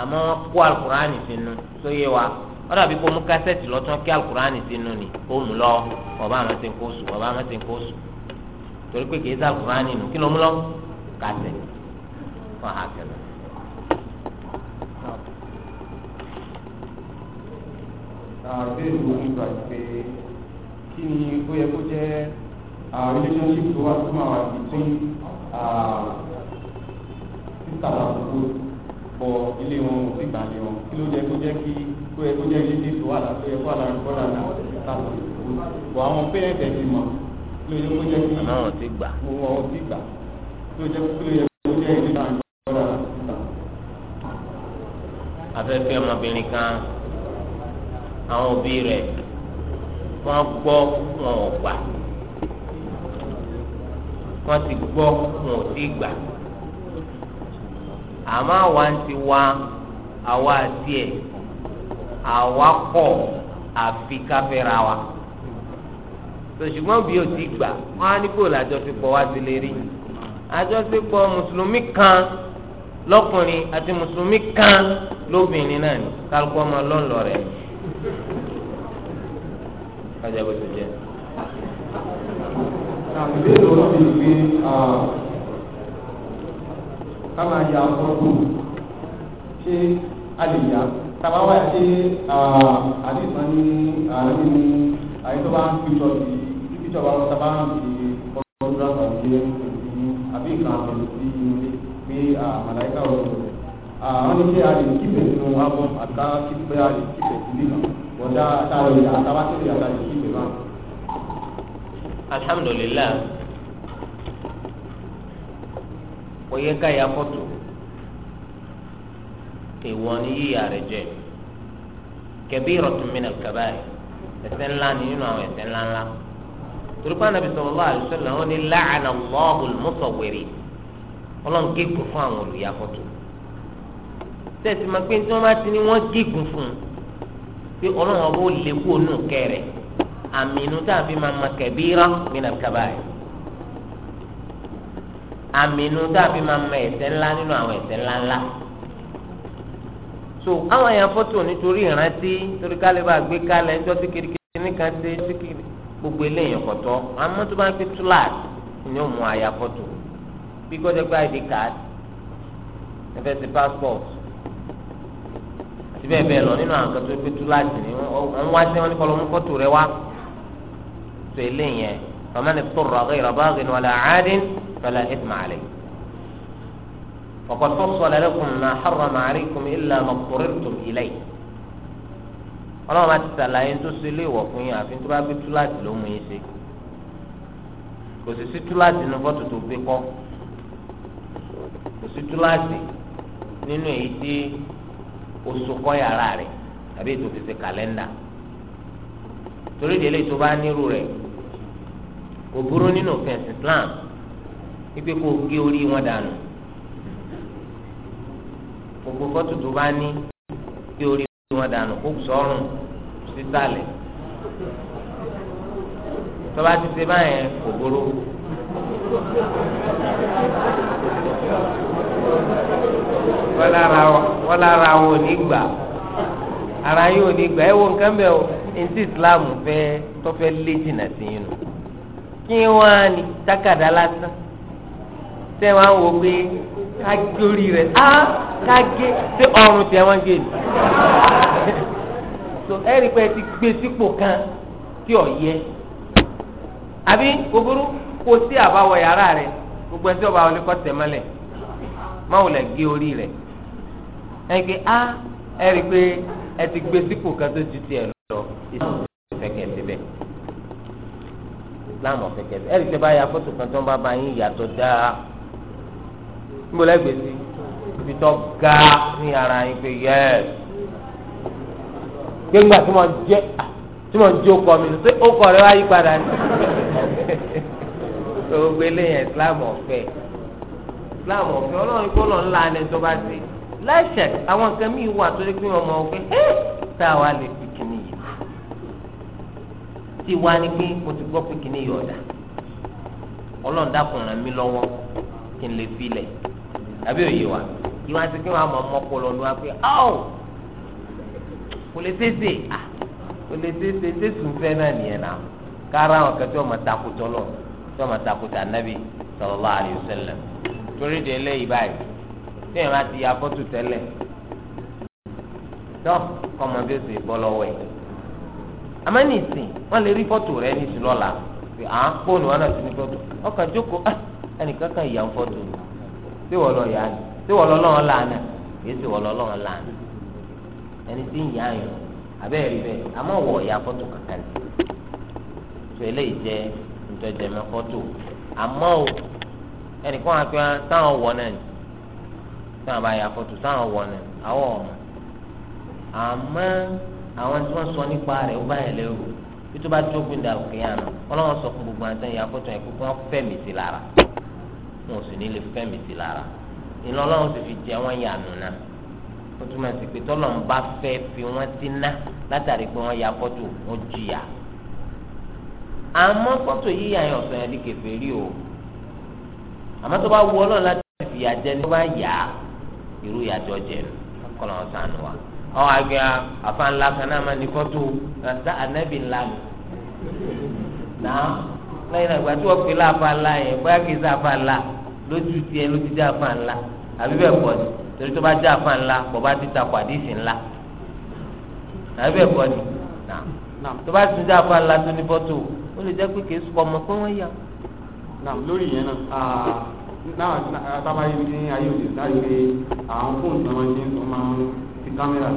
àmọ́ wọ́n kó alukurani sínú tó yé wa wọ́n dàbí kó mú kásẹ̀tì lọ́tún kí alukurani sínú ni ó mú lọ ọba àmọ́ ti ń kó sùn ọba àmọ́ ti ń kó sùn torí pé kìí ṣe alukurani nù kí ló mú lọ kásẹ̀tì wọ́n hà kẹlẹ́. béèrè wọn nípa pé kí ni ó yẹ kó jẹ́ relationship tó wà tó máa wà between sísà wà gbogbo bọ ilé wọn ò sì gbà lé wọn kí ló yẹ kó jẹ́ kí ó yẹ kó jẹ́ relationship tó wà láti ẹ̀kọ́ àlàyé bọ́lá náà sísà wà gbogbo bọ àwọn parents ẹ̀ ti mọ̀ kí ló yẹ kó jẹ́ kí wọn ti gbà kí ló yẹ kó jẹ́ ìdílé àwọn ìgbà bọ́lá sísà. afẹ́fẹ́ ọmọbìnrin kan àwọn òbí rẹ̀ wọ́n gbọ́ wọn ò gbà wọ́n ti gbọ́ wọn ò sí gbà àmọ́ àwa ń ti wá àwa àti ẹ̀ àwa kọ̀ àfi káfíra wa sòṣùgbọ́n bí o ti gbà wọ́n á ní kó làjọṣepọ̀ wá ti lè rí àjọṣepọ̀ mùsùlùmí kan lọ́kùnrin àti mùsùlùmí kan lóbìnrin náà ni kálukọ́ ọmọ lọ́nlọ́ rẹ̀ ni kájà bó ti jẹ. àbílẹ̀ lọ́wọ́ mi gbé ká máa ya ọkọ̀ ṣé a lè yá tàbá wá ṣe àdìsán ní àárín ní àyè tó bá ń fi jọ sí títọ̀ bá tàbá ń fi ọkọ̀ ọdún àgbà jẹ́ àbí ìkànnì sí ilé pé àmàlà ìkàwé ọ̀dọ́. àwọn ní ṣé a lè kíkẹ́ sínú abọ́ àtà kíkẹ́ a lè àtàwọn ìyá àtàwọn àtàwọn ìyá lè kíkẹ́ náà. alhamdulilayi ya fọ́tò ni yíya rẹ̀ jẹ́ kabiratun minal kabair ẹ̀ṣẹ̀ ńlá ni nínú àwọn ńlá ńlá ni la'ana fún àwọn tẹ̀sí ma pé tí wọ́n bá ti ní wọ́n gígùn fún un pé ọlọ́run ọba ó lè kú ònú kẹrẹ̀ àmì inú tá a fi máa ma kẹ̀bí rán nínú kaba yìí àmì inú tá a fi máa ma ẹ̀ṣẹ̀ ńlá nínú àwọn ẹ̀ṣẹ̀ ńlá ńlá so àwọn èèyàn fọ́tò nítorí ìrántí torí kálí bá gbé kálẹ̀ ẹjọ́ tí kìrìkìrì nìkan ṣe tí kìrì gbogbo eléyìí ọ̀kọ̀tọ́ àmọ́ tó bá ń fi túláàsì ni ó mú àyà fọ́tò bí kò bẹ́ẹ̀ bẹ́ẹ̀ lọ nínú àwọn akẹ́tọ́ pé túláàsì ni wọ́n wá sí wọn ní kọlọ́mú kọ́tù rẹ wá tó ilé yẹn màmá ni tó rọ̀ ghayra baghin wala aadin fala ithma alayhi. وقد فصل لكم ما حرم عليكم إلا ما اضطررتم إليه ọlọ́run máa ti sàlàyé tó ṣe lé ìwọ̀ bá gbé túláàtì nínú èyí tí oṣù kọ́ yàrá rẹ̀ àbí ètò ti ṣe kàlẹ́ndà torí délé tó bá nírú rẹ̀ kò burú nínú fẹ̀sì Islam wípé kó gé orí wọn dànù gbogbo fọ́tò tó bá ní gé orí wọn dànù kó sọ́rùn sísàlẹ̀ tó ti ṣe báyẹn kò burú wọ́n lára wọn ò ní gbà ara yín ò ní gbà ẹ wo nǹkan bẹ́ẹ̀ o ntí Islam fẹ́ tọ́fẹ́ lé jìnnà sí yín nù kí wọ́n á ní tákàdá lásán tẹ́ wọ́n á wò pé ká rẹ̀ á ká gé ọrùn tẹ́ wọ́n gé ni so ẹ̀rí pé ti gbé sípò kan tí ò yẹ àbí gbogbo kò sí àbáwọ̀ yàrá rẹ̀ gbogbo ẹ̀ tí ọba wọlé kọ́ tẹ̀ mọ́lẹ̀ máwùlẹ̀ gé orí rẹ̀ ẹ a ẹ rí i pé ẹ ti gbé sípò kan tó ju tiẹ̀ lọ ìsìnkú fẹ̀kẹ̀ síbẹ̀ láàmú fẹ̀kẹ̀ síbẹ̀ ẹ rí i pé báyà fótó kan tó ń bá ba yín yàtọ̀ dáa níbo lẹ́gbẹ̀ẹ́ sí ibi tó ga ní ara yín pé yẹ́s gbẹ̀ngbà tí mo jẹ́ tí mo jẹ́ okọ̀ mi ṣé okọ̀ rẹ wá yí padà ní gbogbo eléyàn Islam ọ̀fẹ́ islam ọ̀fẹ́ ọlọ́run kó lọ́n la ẹni tó bá ti láìsẹ̀ àwọn nǹkan míì wà tó lè pín ọmọ ọgbẹ́ ẹ́ tá a wà lè fi kìnnì yìí tí wàá ní pé mo ti gbọ́ pé kìnnì yìí ọ̀dà ọlọ́run dákun ràn mí lọ́wọ́ kí n lè filẹ̀ àbí òye wa kí wọ́n á ti pín wọn àmọ́ ọmọ ọpọlọ ló wá pé áò kò lè tètè kò lè tètè tètè ń fẹ́ náà nìyẹn náà kára àwọn kẹtẹ́ ọmọ takùtọ̀ lọ tí ọmọ takùtà nábì sallallahu alaihi torí de eléyìí báyìí tí èèyàn bá ti ya fọ́tò tẹ́lẹ̀ tó kọ́mọ bí ó sì bọ́ lọ́wọ́ ẹ̀ àmọ́ ní ìsìn wọ́n lè rí fọ́tò rẹ ní ìsìn lọ́la pé à ń fóònù wọn náà ti ní fọ́tò ọkàn jókòó ah, ẹnìkan kan ìyá ń fọ́tò tí wọ́n lọ yá ni tí wọ́n lọ lọ́wọ́ lánà èyí tí wọ́n lọ lọ́wọ́ lánà ẹni tí ń yá yàn ẹnìkan á pé táwọn wọ náà ni táwọn bá ya fọ́tò táwọn wọ náà àwọn ọmọ àmọ́ àwọn tí wọ́n sọ nípa rẹ̀ ó bá yẹn lérò bí tó bá jókòó da òkè àná ọlọ́wọ́n sọ fún gbogbo àti ẹ̀yà fọ́tò yẹn kókó wọn fẹ́mi sí lára wọn ò sì ní lè fẹ́mi sí lára ìlú ọlọ́wọ́n sì fi jẹ wọn yà nù náà ó túmọ̀ sí pé tọ́lọ̀ ń bá fẹ́ fi wọ́n ti ná látàrí pé wọ́n ya fọ́tò wọn jìyà àmọ́ fọ́tò yíyà yẹn ọ̀sán yẹn di kèfèrí o àmọ́ tó bá wù ọlọ́run láti fi àjẹ ní tó bá yà á irú ìyàjọ jẹ kọ́nà ọ̀sán àná wa ọ àgbẹ̀ àfàǹlà kan náà máa ní fọ́tò ẹ̀ta ànábì ńlá mi náà lẹ́yìn àgbà tí wọ́n pè láàfàǹlà yẹn bóyá kì í sá àfàǹlà lójú tiẹ̀ ló ti dé àfàǹlà àbí bẹ́ẹ̀ pọ̀ ni torí tó bá dé àfàǹlà kò bá ti takò àdìsí ńlá àbí bẹ́ẹ̀ pọ̀ ni tó bá ti dé àfàǹlà tó ní fọ́tò ó lè jẹ́ pé kì í sọ ọmọ pé wọ́n yà á náà lórí yẹn náà ah, náà ah, tábàáyé ní ayé òde sáré pé àwọn fóònù náà ṣe ń sọ máa ń fi kámẹ́rà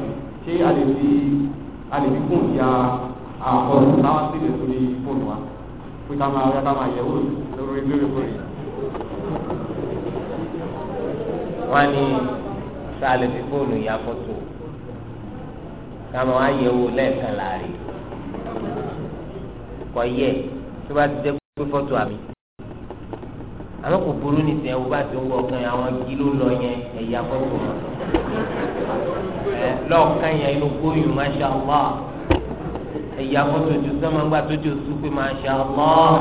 sí ṣé a lè fi a lè fi fóònù ya àkọsùn táwọn sì lè sórí fóònù wa pé ká máa ká máa yẹ̀wò lórí lórí fóònù yẹn. wọ́n ní tá a lè fi fóònù ya fọ́tò ká máa wá yẹ̀wò lẹ́ẹ̀kan láàrin kọ́ yẹ tó bá ti dé pé fọ́tò àmì àmọ́ kò burú nìsín ẹ wo bá ti ń wọ ọkàn àwọn igi ló lọ yẹn ẹyà fọtò wọn ẹ lọọkàn yẹn inú gbóyún masha allah ẹyà fọtò ju sọmọgbà tó ju súpé masha allah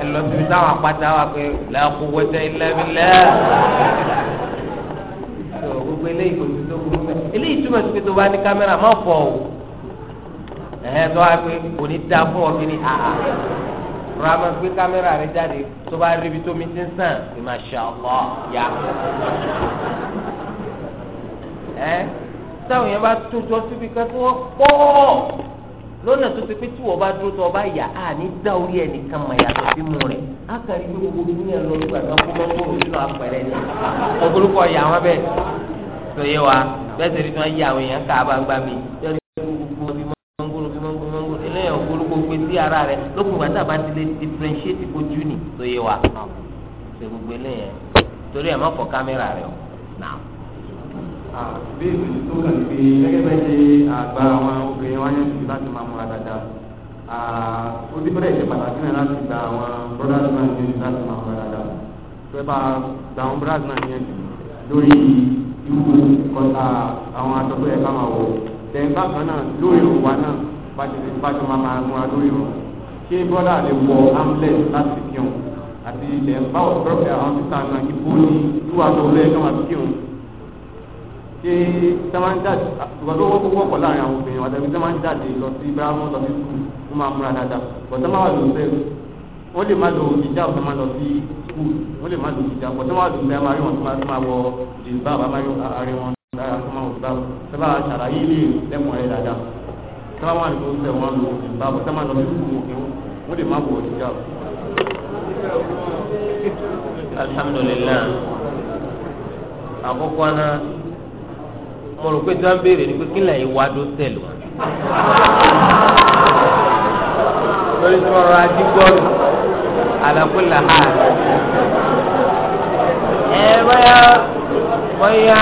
ẹ lọ síbi táwọn apáta wà pé làákú wọtẹ ilẹmílẹ tó gbogbo eléyìí kò sí tó burú mẹ eléyìí túmọ̀ sí pé tó bá ní kámẹ́rà má fọ̀ o ẹ̀hẹ́ tó wá pé kò ní dáa fún ọ kí ni àhà rà máa gbé kámẹ́rà rẹ jáde tó bá rí ibi tó mi ti ń sàn ní masha allah ya. ẹ táwọn yẹn bá tó jọ síbi kan tí wọ́n pọ̀ lọ́nà tó ti pé tí wọ́n bá dúró tó ọba yà á ní dá orí ẹnìkan mọ̀ yàtọ̀ sí mu rẹ̀ á kàrí pé gbogbo ní ẹ̀ lọ nígbà tó kó mọ́tòrò nínú apẹ̀rẹ̀ ni ọgọlùkọ yà wọ́n bẹ́ẹ̀ tó yé wa bẹ́ẹ̀ sì rí wọ́n yí àwọn èèyàn ká bá gbá mi sí ara rẹ lókun ìgbà tá a bá ti lè differentiate ojú ni tó yé wa ṣe gbogbo eléyẹn torí ẹ̀ má fọ kámẹ́rà rẹ o nà. àbíyèsí tó kàn ní pé gẹ́gẹ́ bẹ́ẹ̀ ṣe àgbà àwọn obìnrin wáyé ti láti máa múra dáadáa ó ti bẹ́ẹ̀ ṣe pàtàkì náà láti gba àwọn brothers náà ní láti máa múra dáadáa fẹ́ bá gba àwọn brothers náà ní lórí irú kọta àwọn aṣọ tó máa wọ̀ tẹ̀ bákan náà lórí òwa náà bájú máa máa gun adóyè wọn ṣé bọ́dà lè wọ amlet láti fi hàn àti ilẹ̀ báwo pẹ́rọ́pẹ́ àwọn títà náà ibo ni irú àtọ̀ olóyè náà máa fi hàn ṣé sẹ́máńdà ìgbàdo owó wọ́pọ̀ láàrin àwọn obìnrin wa tẹ̀sí sẹ́máńdà lè lọ sí ibrahima lọ sí sùkúl ó máa múra dáadáa bọ̀dá máa wà lóun sẹ́yìn wọ́n lè má lo ìjà ọ̀sán máa lọ sí sùkúl wọ́n lè má lo ìjà ọ̀sán máa lọ sí amárí wọn tó máa wọ ìdìbò àbámárí wọn wọn tó tó máa wọ ìdìbò àbámárí wọn tó máa wọ ìdìbò sábà ní kó sẹ wọn lò bá bọ sábà lọ sí ìlú òkè wọn lè má bọ ìjà. alhamdulilayi àkọ́kọ́ náà mo rò tí wọ́n béèrè ni pé kí lè wá dó sẹ́lù. lórí tí wọ́n rọra dí gbọ́dọ̀ àlàkùnlà ha ẹ bóyá bóyá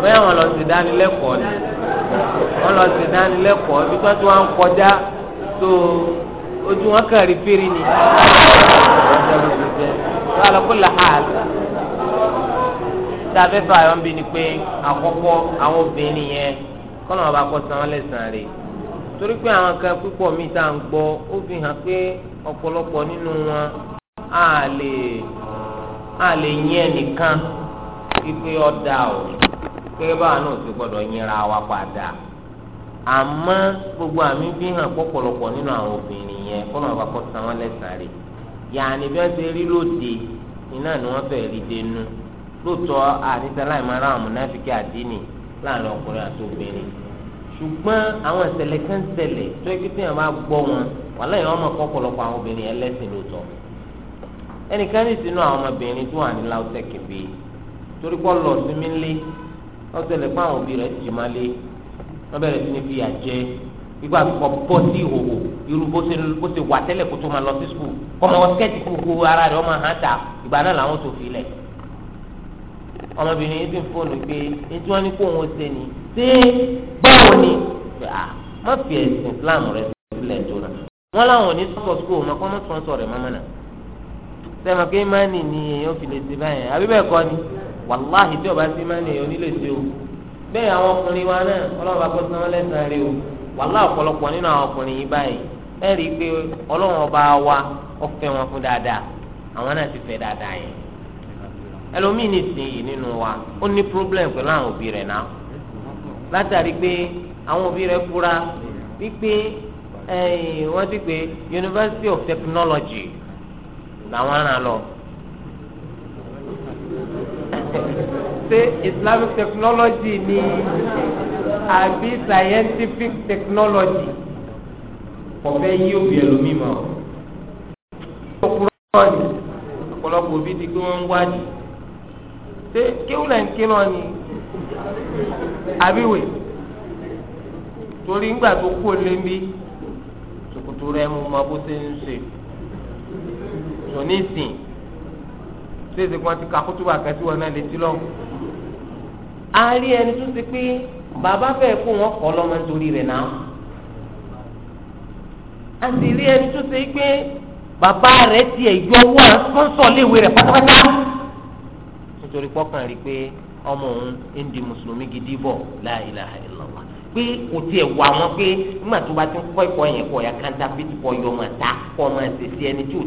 bóyá wọn lọ sí dánilẹ́kọ̀ọ́ ni. wọ́n lọ sí ìdánilẹ́kọ̀ọ́ ibi tó wọ́n ń kọjá tó ojú wọn kàn rí fèrè ni alakula hal tá a fẹ́ fà yọ̀ ń bi ni pé àkọ́kọ́ àwọn obìnrin yẹn kọ́nà kọ́ án lẹ́sàn rè torí pé àwọn kan púpọ̀ ń gbọ́ ó fi hàn pé ọ̀pọ̀lọpọ̀ nínú wọn lè lè yín ẹnìkan pípé ọ̀dà o gbọ́dọ̀ wa padà. àmọ́ gbogbo àmì fi hàn pọ̀pọ̀lọpọ̀ nínú àwọn obìnrin yẹn kó náà bá kọ́ san wọ́n lẹ́sàn-án rẹ̀ yàní bẹ́ẹ̀ ṣe rí lóde iná ni wọ́n fẹ́ẹ́ rí dénú lóòótọ́ àníta láì máa ra àwọn mùnáfíkì àdínì láàrin ọkùnrin àti obìnrin ṣùgbọ́n àwọn ìṣẹ̀lẹ̀ kan ṣẹlẹ̀ tó ẹgbẹ́ tí wọ́n bá gbọ́ wọn wàhálà yìí wọ́n àwọn obìnrin yẹn lẹ́sìn lóòótọ́ ẹnìkan ní sínú àwọn ọmọbìnrin tó wà wọ́n bẹ̀rẹ̀ sí ní fi àjẹ ìgbà kọ bọ́ sí ìhòòhò irú bó ṣe bó ṣe wà tẹ́lẹ̀ kó tó máa lọ sí skul kọ́mọ wọn skẹ́ẹ̀tì gbogbo ara rẹ̀ ọmọ hàn ta ìgbà náà làwọn tó fi lẹ̀ ọmọbìnrin yìí ti fóònù pé etí wọn ní kó òun ṣe ni ṣé báwo ni má fi ẹ̀sìn Islam rẹ̀ sílẹ̀ tó náà wọn làwọn ò ní sọ́kọ̀ skul ọmọ kọ́ mọ́ sọ́nsọ̀ rẹ̀ mọ́mọ́ náà sẹ́mi pé mánì ni èèyàn fi lè ṣe báyẹn àbí bẹ́ẹ̀ kọ́ ni wàláhì tí ọba bẹ́ẹ̀ àwọn ọkùnrin wa náà ọlọ́run bá kó sí wọn lẹ́sàn-án rí o wàhálà ọ̀pọ̀lọpọ̀ nínú àwọn ọkùnrin yìí báyìí ẹ rí i pé ọlọ́run ọba wa ó wọn fún dáadáa àwọn náà ti fẹ́ dáadáa yẹn ẹlòmíì nìsínyìí nínú wa ó ní problem pẹ̀lú àwọn òbí rẹ̀ náà látàrí pé àwọn òbí rẹ̀ fura wípé wọ́n ti pé University of Technology làwọn aràn lọ. ṣe islamic technology ni àbí scientific technology ọ̀fẹ́ yí òbí ẹlòmíì mọ́ ọ̀pọ̀lọpọ̀ ni ọ̀pọ̀lọpọ̀ òbí di pé wọ́n ń wájú ṣé kéwùlẹ̀ ń ké lọ ni àbíwèé torí ńgbà tó kó lébi ṣòkòtò rẹ mo máa bó ṣe ń ṣe tòní ìsìn ṣé èsì kan ti ka kótó wà kẹsíwọ náà létí lọ́wọ́. a rí ẹni tó ṣe pé bàbá fẹ́ kó wọn kọ́ lọ́mọ nítorí rẹ̀ náà a rí ẹni tó ṣe pé bàbá rẹ̀ tiẹ̀ yọ owó àkọ́sọ̀ léwe rẹ̀ pátápátá nítorí pọ́kàn rí pé ọmọ òun ń di mùsùlùmí gidi bọ̀ pé kò tiẹ̀ wà pé nígbà tó bá ti ń kọ́ ẹ̀kọ́ yẹn kọ́ ya kanta ti kọ́ ta kọ́ ọmọ ẹ̀sẹ̀ sí ẹni tí ò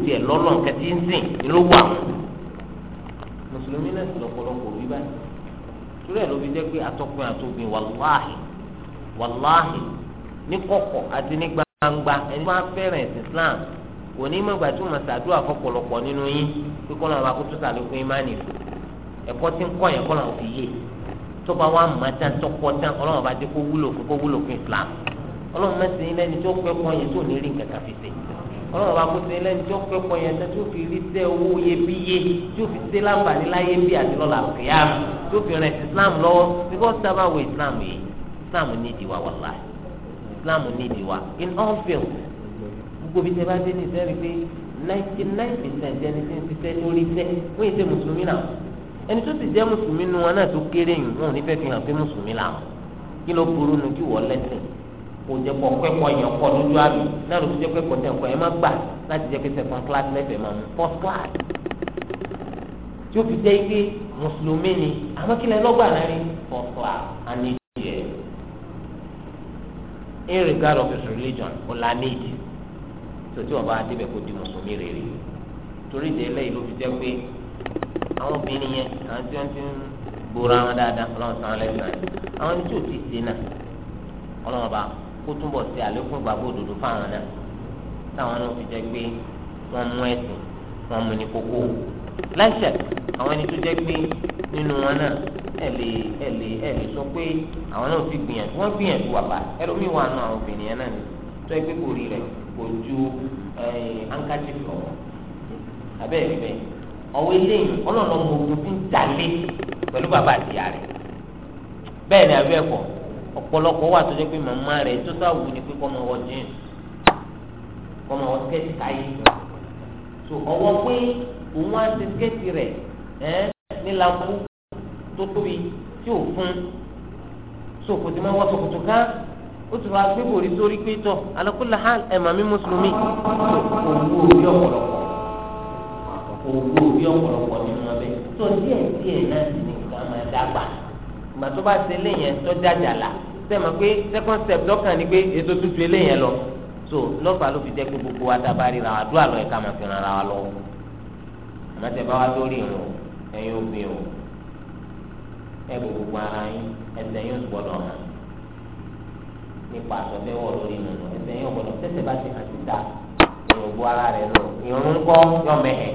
torí ẹ̀ ló fi jẹ́ pé atọ́kùnrin àtòbìn wàláhì wàláhì ní kọ̀kọ̀ àti ní gbangba ẹni máa fẹ́ràn ẹ̀sìn Islam kò ní mọ̀gbà tí wọ́n ṣàdúrà fọ́pọ̀lọpọ̀ nínú yín pé kọ́ làwọn akótó sàlékún imáni ẹ̀kọ́ tí ń kọ́ yẹn kọ́ làwọn fi yé tó bá wà má tán tó kọ́ tán ọlọ́run bá dé kó wúlò fún kó wúlò fún Islam ọlọ́run mẹ́sìn ilé ẹni tó pẹ́ kọ́ yẹn tó ní rí nǹkan kàfíìsì ọlọ́run bá kó ṣe lẹ́nu tó pẹ́ pọ̀ yẹn tó fi rí sẹ́ owó iyebíye tó fi ṣe láǹfààní láyé bí àti lọ́la kìyàm tó fi rìn islam lọ́wọ́ because sábà wo islam yìí islam ní ìdíwà wàlá islam ní ìdíwà in all fields gbogbo bí sẹ́ bá dé ní sẹ́rí pé ninety nine percent ẹni tí ń ṣiṣẹ́ lórí sẹ́ wọ́n yìí ṣe mùsùlùmí náà ẹni tó sì jẹ́ mùsùlùmí nu wọn náà tó kéré yìí wọn ò ní fẹ́ fi hàn pé mùsùlùmí làwọn kí ló burú nu kí wọ́n lẹ́sìn kò jẹ́ kọ́ kẹ́kọ̀ọ́ yẹn kọ́ lójú àmì náà ló fi jẹ́ kẹ́kọ̀ọ́ tẹ̀ kọ́ má gbà láti jẹ́ kẹ́sẹ̀ kan class lẹ́fẹ̀ẹ́ máa mú first class tí ó fi jẹ́ pé mùsùlùmí ni àmọ́ kí lẹ first class and it is here in regard of his religion kò la need So tí wọn bá débẹ̀ kó di mùsùlùmí rere torí ìdè eléyìí ló fi jẹ́ pé àwọn obìnrin yẹn àwọn tí wọ́n ti ń gbòòrò àwọn dáadáa ọlọ́run sàn án lẹ́sàn-án tí ò ti ṣe náà bá kó túbọ̀ sí àlékún ìgbàgbọ́ òdodo fáwọn náà táwọn náà fi jẹ́ pé wọ́n mú ẹ̀sìn wọ́n mú ní kókó láìsẹ̀ àwọn ẹni tó jẹ́ pé nínú wọn náà ẹ lè ẹ lè ẹ lè sọ pé àwọn náà ti gbìyànjú wọ́n gbìyànjú wàbà ẹlòmíì wà nù àwọn obìnrin yẹn náà ni tó ẹgbẹ́ kò rí rẹ̀ kò ju ankachi fọ̀ abẹ́ ẹ̀ bẹ́ẹ̀ ọ̀wọ́ eléyìí ọlọ́ọ̀lọ́ mọ ogun ti ń jalè pẹ̀lú bàbá àti ìyá rẹ̀ bẹ́ẹ̀ ni abẹ́ ẹ̀kọ́ ọ̀pọ̀lọpọ̀ wà tó jẹ́ pé màmá rẹ̀ tó sáwù ni pé kọ́mọ wọ jeans kọ́mọ wọ skẹ́tì táyé tó ọwọ́ pé òun á ti skẹ́tì rẹ̀ ẹ́ ní lambu tó tóbi tí ò fún sòkòtò máa wọ sòkòtò ká ó tún wá gbé bòrí sórí pé tọ alákùlá hàn ẹ̀ màmí mùsùlùmí òwú òbí ọ̀pọ̀lọpọ̀ òwú òbí ọ̀pọ̀lọpọ̀ nínú abẹ́ tó díẹ̀ díẹ̀ náà sì ní ìgbà máa dágbà ìgbà tó bá ṣe léyìn tó jájà la sẹ́mi pé second step lọ́kàn ni pé ètò tuntun eléyìn lọ so lọ́fà ló fi jẹ́ pé gbogbo wa dábàá ríra wa dúà lọ ẹ̀ka máa fi ràn ara wa lọ àmọ́tẹ́ bá wa lórí ìrùn ẹ̀yin obìnrin o ẹ̀ bò gbogbo ara yín ẹsẹ̀ yín gbọ́dọ̀ hàn nípa àtọ́fẹ́wọ̀ lórí ìrùn ẹsẹ̀ yín gbọ́dọ̀ tẹ́sẹ̀ bá ti hàn síta ìrùn gbọ́ ara rẹ̀ lọ ìrùn kọ́ yọ̀mẹ̀hẹ̀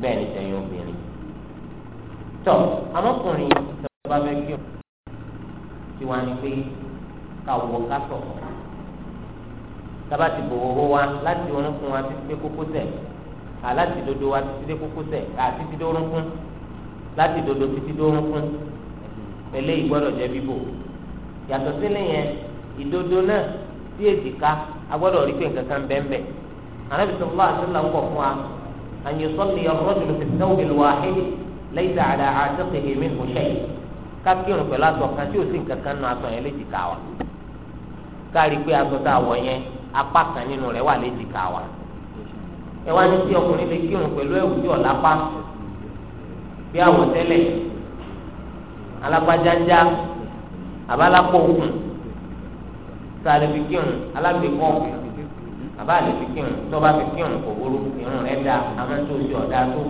bẹ́ẹ̀ ni sẹ́yìn obìnrin tọ amọkùnrin ìjọba bẹ kí o tiwa ni pé ká wọ ká sọ tába ti bò owó wa láti orúnkún wa títí dé kókósẹ̀ aláti dodo wa títí dé kókósẹ̀ àti títí dé orúnkún láti dodo títí dé orúnkún eléyìí gbọ́dọ̀ jẹ́ bíbò yàtọ̀ sílẹ̀ yẹn ìdodo náà sí èjìká agbọ́dọ̀ rí pé nǹkan kan bẹ́ẹ̀nbẹ́ẹ̀ anábìsọ̀ fúlàṣẹ́ là ń bọ̀ fún wa àyùsọ̀ ni ọ̀rọ̀ jùlọ fi sẹ́wọ̀n ìlú wa ẹ̀yìn lẹ́yìn àdá àtúntò èmi kò ṣẹ́yìn kákírun pẹ̀lú aṣọ kan tí ò sí nǹkan kan nù aṣọ yẹn léjìká wa kárí pé aṣọ tá a wọ̀ yẹn apá kan nínú rẹ̀ wà léjìká wa ẹ wá ní tí ọkùnrin lè kírun pẹ̀lú ẹ̀wù tí ọ̀ lápá bí àwọ̀tẹ́lẹ̀ alápájájá abalápọ̀ òkun tá kírun alágbèkọ́ òkun kírun tó fi kírun kò burú irun rẹ̀ dáa àmọ́ tó ọ̀dá tó.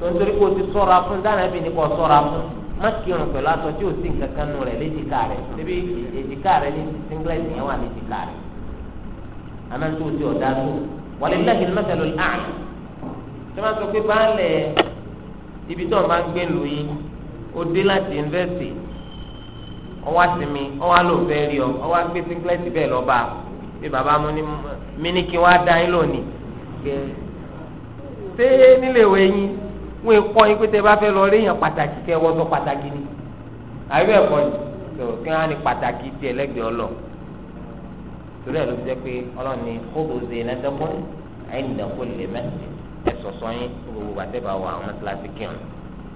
sọ̀tòrí kò ti sọ̀ra fún dáná ni kò sọ̀ra fún má kírun pẹ̀lú aṣọ tí ò sí nǹkan kan nù rẹ̀ léjìká rẹ̀ síbi èjìká rẹ̀ ní singlet yẹn wà léjìká rẹ̀ àmọ́ tó ti ọ̀dà tó wàlíláhi mẹ́tẹ̀lú àná tí wọ́n sọ pé baálẹ̀ ibi tó máa gbé lù yín ó dé láti yunifásitì ọwọ́ àtìmí ọwọ́ àlòfẹ́ rí ọ ọwọ́ àgbé singlet bẹ́ẹ̀ lọ́ba bí bàbá mu ní mímí kí dá yín lónìí ṣé nílé ìwé wọn èkó yín pé tẹ bá fẹ́ lọ rí èèyàn pàtàkì kẹ wọ́n sọ pàtàkì ni àbí ẹ̀kọ́ ni tó kí wọ́n á ní pàtàkì tiẹ̀ lẹ́gbẹ̀ẹ́ ọlọ torí ẹ̀ ló fi jẹ́ pé ọlọ́run ni kóbó ṣe lẹ́dọ́gbọ́n àìníyàn kó lè mẹ́sì ẹ̀ sọ̀sọ́ yín gbogbo bàtẹ́ bá wà àwọn kíláàsì kírun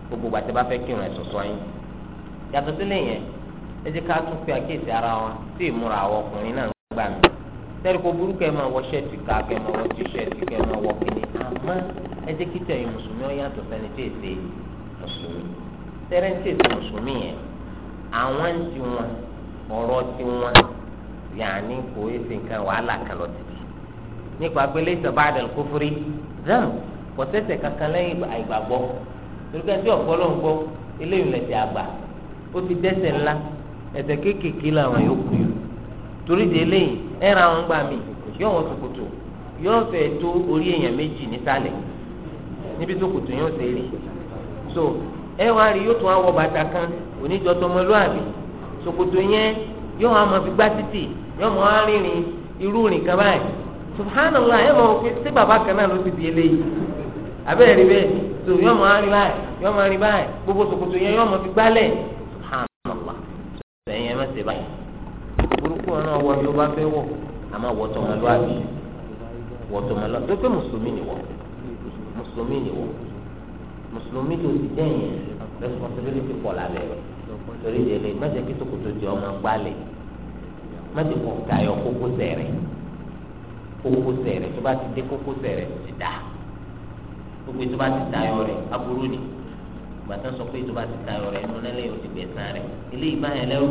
gbogbo bàtẹ́ bá fẹ́ kírun ẹ̀ sọ̀sọ́ yín yàtọ̀ sílẹ̀ yẹn ẹ jẹ́ ká tún pé àkíyèsí ara wọn sí ìmúra àwọn ọkùnrin náà gbà mí sẹ́ni kò burúkú ẹ máa wọ ṣẹ́ẹ̀tì ká kẹ́ máa wọ tíṣẹ́ẹ̀tì kẹ́ máa wọ kìnnìkan máa ẹ jẹ́ kí tẹ̀yìn mùsùlùmí ó yàtọ̀ fẹ́ni tí èsè mùsùlùmí tẹ́rẹ́ ń tètè mùsùlùmí yẹn àwọn ń ti wọn ọ̀rọ̀ ti wọn yàní kò ése nǹkan wàhálà kan lọ títí nípa pé lẹ́sẹ̀ bá dẹ̀ kó fúri dán kò tẹ́sẹ̀ kankan lẹ́yìn àìgbàgbọ́ torípé tí ọ̀pọ̀ ló ń gbọ́ eléyìí lẹ́sẹ̀ àgbà ó ti dẹ́ṣẹ̀ ńlá ẹ̀ṣẹ̀ kéékèèké làwọn yóò kú yìí torí de eléyìí ẹ̀ràn àwọn gbà mí yóò wọ́n ṣòkòtò yóò fẹ́ tó orí èèyàn méjì nísàlẹ̀ níbi tó kùtù yóò ṣe rí so ẹ wá rí yóò tún wá wọ bàtà kan oníjọ tọmọlúàbí ṣòkòtò yẹn yóò wá mọ fi gbá títì yóò mọ wá irú rìn kan báyìí subhanallah ẹ mọ pé ṣé bàbá kan náà ló ti di eléyìí abẹ́rẹ́ rí bẹ́ẹ̀ so yóò mọ rìn báyìí yóò mọ rìn báyìí gbogbo ṣòkòtò yẹn yóò mọ fi gbálẹ̀ subhanallah sẹ́yìn ẹ má ṣe báyìí burúkú náà wọ bí ó bá fẹ́ wọ̀ àmọ́ wọ́ tọmọlúàbí wọ́ tọmọlúàbí tó pé mùsùlùmí ni wọ mùsùlùmí tó ti dẹ́yìn responsibility pọ̀ lálẹ́ rẹ̀ torí délé mẹ́jẹ̀ kí tòkòtò di ọmọ gbálẹ̀ mẹ́jẹ̀ kò kayọ̀ kókó sẹ̀rẹ̀ kókó sẹ̀rẹ̀ tó bá ti dé kókó sẹ̀rẹ̀ ti dá gbogbo tó bá ti dayọ̀ rẹ̀ aburú ni gbàtà sọ pé tó bá ti dayọ̀ rẹ̀ inú lẹ́lẹ́ yóò ti gbẹ̀ sàn rẹ̀ eléyìí bá yẹn lẹ́rù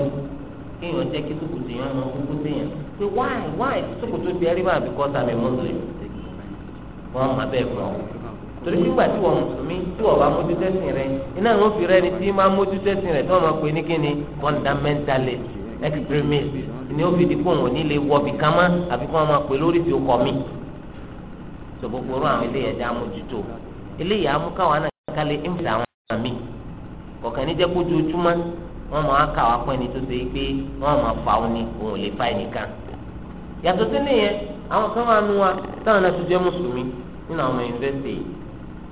kéèyàn jẹ́ kí tòkòtò yẹn ọmọ kókó sẹ̀yìn pé wáì wáì tòkòtò di ẹrí bá àbíkọ́ sàmì mọ́tò yìí wọ́n má bẹ́ẹ̀ fún ọ torí nígbà tí wọn mùsùlùmí tí wọn bá mójú tẹsán rẹ iná ló fi rẹ ni tí máa mójú tẹsán rẹ tí wọn máa pè ní kíni fundamentalist extremist ni ó fi di kóhùn òní lè wọ bí kámá àfi kí wọn máa pè lórí tí ó kọ mí. àwọn eléyà dá mójútó eléyà amúkáwá náà kálẹ̀ ìmùsà àwọn ọmọ mi ni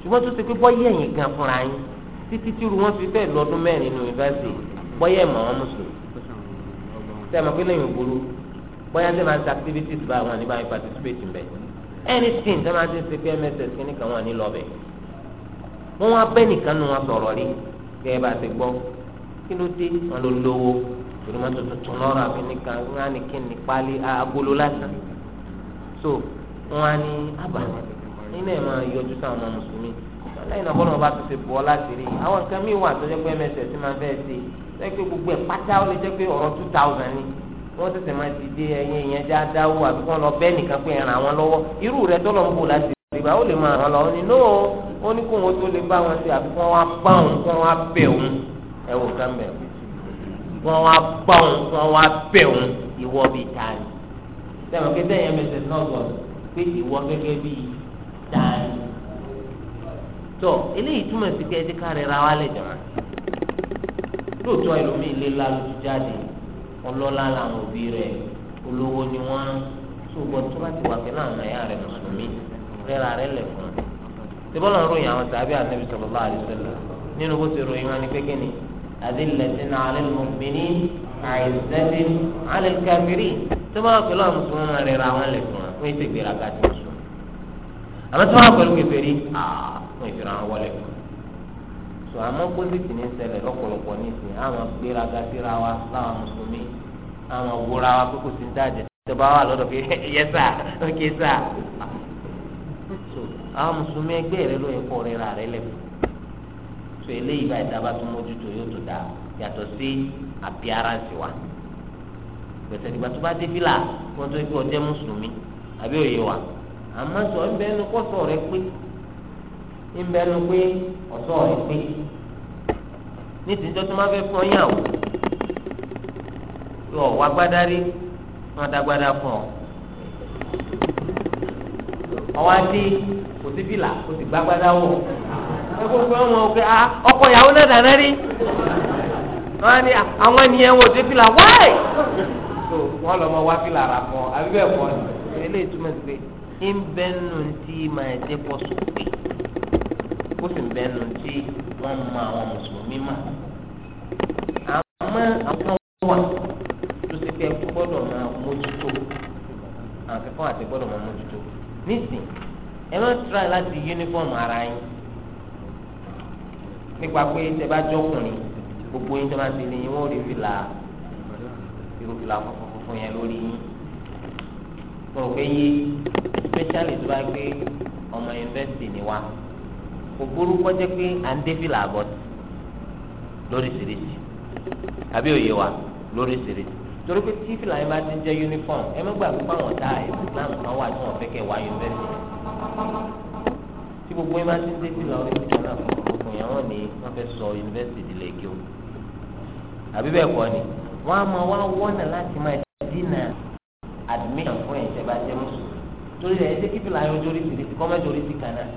ṣùgbọ́n tó ṣe pé bọ́yé ẹ̀yìn gan fúnra yín títí tí wọ́n fi bẹ́ẹ̀ lọ́dún mẹ́rin ní yunifásitì bọ́yé ẹ̀mọ́ wọn mùsùlùmí sẹ́mi pé lẹ́yìn òbúrú bọ́yá ṣe máa ń activities bá wọn ní báyìí participate ń bẹ̀ anything tó máa ti ṣe pé mss kí nìkan wọn ní lọ́bẹ̀ wọ́n wá bẹ́ẹ̀ nìkan nu wọn sọ̀rọ̀ rí kẹ́ ẹ bá ti gbọ́ kí ló dé wọn ló lówó torí wọn tuntun lọ́rọ̀ àfi nìkan wọn á ní kí ni pálí agolo lásán so wọn á ní àbàlẹ̀ nínú ẹ̀ máa yọjú sáwọn ọmọ mùsùlùmí lẹ́yìn náà bọ́lá wọn bá tún ṣe bọ́ láti rí àwọn nǹkan míì wà tó jẹ́ pé mss máa ṣe pé gbogbo ẹ̀ pátá ó lè jẹ́ pé ọ̀rọ̀ two thousand ni wọ́n tẹ̀sẹ̀ máa ti dé ẹyin ìyẹn já dáwó àbí wọ́n lọ bẹ́ẹ̀ nìkan pé ẹ̀ràn àwọn lọ́wọ́ irú rẹ̀ tọ́lọ̀ ń bò láti rí ìgbà ó lè máa ràn lọ dáa ni tó eléyìí túmọ̀ sí pé ẹjẹ́ káre ra wa lè jọ̀mọ́ lóòótọ́ ẹlòmíì lé lálùjù jáde ọlọ́lá làwọn òbí rẹ̀ olówó ni wọ́n ṣùgbọ́n tó bá ti wà pé láwọn ẹ̀yà rẹ̀ mùsùlùmí rẹ́ra rẹ̀ lẹ̀ fún un tí bọ́lá ń ròyìn àwọn tàbí ànábì sallallahu alaihi wasallam nínú bó ti ròyìn wọn ni pé kíni adillatin ala al-mu'minin àìsẹ́dín ala al-kafirin tó bá wà pé mùsùlùmí rẹ̀ wọn lẹ̀ fún un wọ́n ti gbéra ká ti àmọ́ tí wọ́n á pẹ̀lú kèfèrí àwọn ìfira wọn wọlé so àmọ́ pósìtì ní ṣẹlẹ̀ lọ́pọ̀lọpọ̀ ní ìsìn àwọn gbéraga síra wa láwọn mùsùlùmí àwọn wúra wa kókò sí ń dájẹ́ tọba wà lọ́dọ̀ fi yẹ sá ókè sá so àwọn mùsùlùmí ẹgbẹ́ rẹ ló yẹ kó rẹ ra rẹ lẹ́kọ̀ọ́ so eléyìí báyìí dábàá tó mójútó yóò tó dáa yàtọ̀ sí appearance wa pẹ̀sẹ̀ ìgbà tó bá dé fílà wọ́n tó kí ọjọ́ wa àmọ́ sọ ń bẹ ẹnu kọ́sọ̀ rẹ pé ń bẹ ẹnu pé ọ̀sọ̀ rẹ pé ní tìjọ́ tó máa fẹ́ fún ọyàn o yọ wá gbádá rí wọn dágbádá fún ọ ọwọ́ adé kò sí bìlà kò sì gbágbádá wọ̀ ẹ kó fún ọmọ òkè ah, ọkọ ìyàwó náà dáná rí wọn ni àwọn ènìyàn wò dé fìlà wáì. wọn lọ mọ wá fìlà rà fún ọ àbí bẹ́ẹ̀ fọ ẹ lè túmọ̀ sí pé ń bẹ́ nù tí màá jẹ́ pọ̀ sópè ó sì ń bẹ́ nù tí wọ́n mọ àwọn mùsùlùmí mà. àmọ́ àwọn wà tó ti fẹ́ gbọ́dọ̀ máa mójútó àwọn akẹ́kọ̀ọ́ àti gbọ́dọ̀ máa mójútó nísìn ẹ má tíra láti yúnífọ̀mù ara yín nípa pé tẹ bá jọkùnrin gbogbo yín tó bá ti lè yín wọ́n rí fìlà irú fìlà funfun yẹn lórí yín mo rò pé yé especially tó bá gbé ọmọ yunifásitì ni wa kò burú kọjá pé à ń débìlà àbọ̀ lóríṣiríṣi àbí òye wa lóríṣiríṣi torí pé tí fìlà yín bá ti ń jẹ́ uniform ẹ má gbàgbé fáwọn ọ̀tá ẹ̀sìn Islam kan wà tí wọ́n fẹ́ kẹ́ wá yunifásitì tí gbogbo yín bá ti ń dé fìlà orí fìlà náà fún gbogbo yẹn wọ́n ní wọ́n fẹ́ sọ yunifásitì ìdílé kí o àbí bẹ́ẹ̀ kọ́ ni wọ́n á máa wá wọ́nà láti máa dínà admission fún ẹ̀jẹ̀ bá jẹ́ mùsùlùmí torí rẹ̀ ẹ̀jẹ̀ kí fìlà yọjọ́ orí tìrìtì kọ́ mẹ́jọ orí ti kàn náà.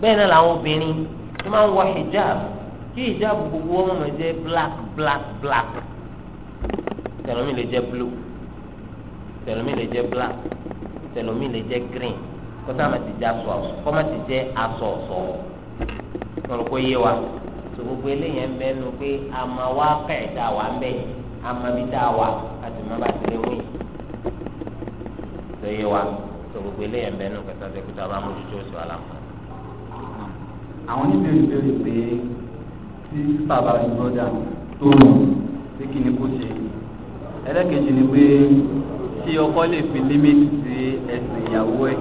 bẹ́ẹ̀ náà làwọn obìnrin tó máa ń wọ hijab kí hijab gbogbo ọmọ mọ̀ jẹ́ black black black tẹ̀lómi lè jẹ́ blue tẹ̀lómi lè jẹ́ black tẹ̀lómi lè jẹ́ green kọ́tà máa ti jẹ́ aṣọ kọ́ máa ti jẹ́ aṣọ ọ̀ṣọ́ wọn rò pé yé wa tó gbogbo eléyẹn mẹ́nu pé àmà wa kẹ̀ dá wa mẹ́ àmà mi dá wa ìmọ̀ bá ti lè wí tó yé wa tó gbogbo eléyàn bẹ́ẹ̀ nù kẹta tó kúta bá mójútó oṣù aláǹkà. àwọn oníbèrè bèrè pé tí bàbá àti bọ́dà tó mọ̀ pé kí ni kò ṣe ẹlẹ́kejì ni pé tí ọkọ lè fi límìtì sí ẹ̀sìn ìyàwó ẹ̀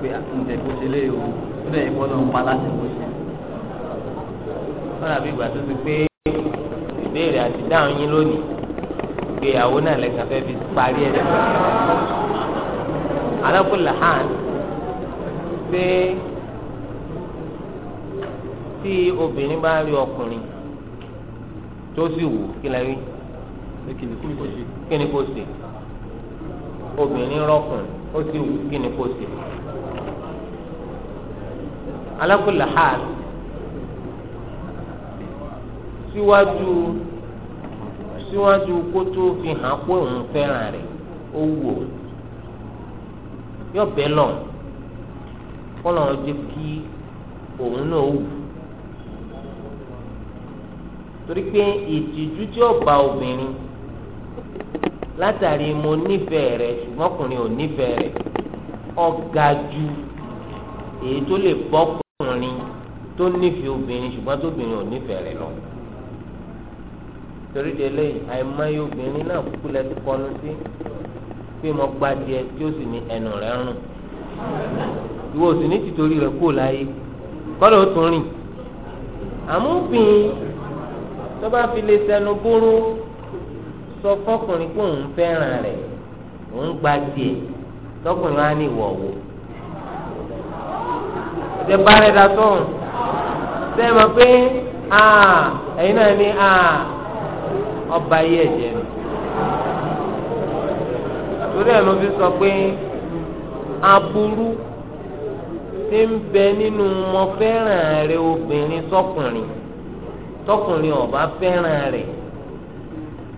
pé ǹjẹ́ kó ṣe lé o ó dẹ̀ ìfọ́nà ń pa láti kó ṣe. fọ́nà bí ìgbà tó ti pé ìbéèrè àti dáhùn yín lónìí ìgbéyàwó náà lẹ́kàn fẹ́ fi parí ẹ̀ lẹ́kàn. alákùlà hàn pé tí obìnrin bá rí ọkùnrin tó sì wù kí lè rí kí ni kò ṣe obìnrin rọkùnrin ó sì wù kí ni kò ṣe alákùlà hàn síwájú. Si síwájú kó tó fi hàn pé òun fẹ́ràn rẹ̀ ó wò yóò bẹ́ lọ kọ́nà ọjọ́ kí òun náà wù torí pé ìtìjú tí ó bá obìnrin látàrí mo nífẹ̀ẹ́ rẹ̀ ṣùgbọ́n ọkùnrin ò nífẹ̀ẹ́ rẹ̀ ọ̀gá ju èyí tó lè bọ́kùnrin tó nífẹ̀ẹ́ obìnrin ṣùgbọ́n tóbìnrin ò nífẹ̀ẹ́ rẹ̀ lọ torí de lẹ́yìn àìmọye obìnrin náà kúkú lẹ́tí kọnu sí pé mo gba díẹ̀ tí ó sì ní ẹnu rẹ̀ rùn ìwọ òsì ní tìtorí rẹ̀ kúrò láyé kọ́dọ̀ ó tún rìn àmúfin tó bá fi lè sẹnu búrú sọ fọkùnrin pé òun fẹ́ràn rẹ̀ òun gba díẹ̀ tọkùnrin wa ní ìwọ̀wọ̀ ṣe bá rẹ̀ dá sọ̀rọ̀ sẹ́yìn mọ̀ pé ẹ̀yin náà ní ọba ayé ẹ̀jẹ̀ ni torí ẹ̀ ló fi sọ pé aburú ti ń bẹ nínú mọ fẹ́ràn rẹ obìnrin tọkùnrin tọkùnrin ọba fẹ́ràn rẹ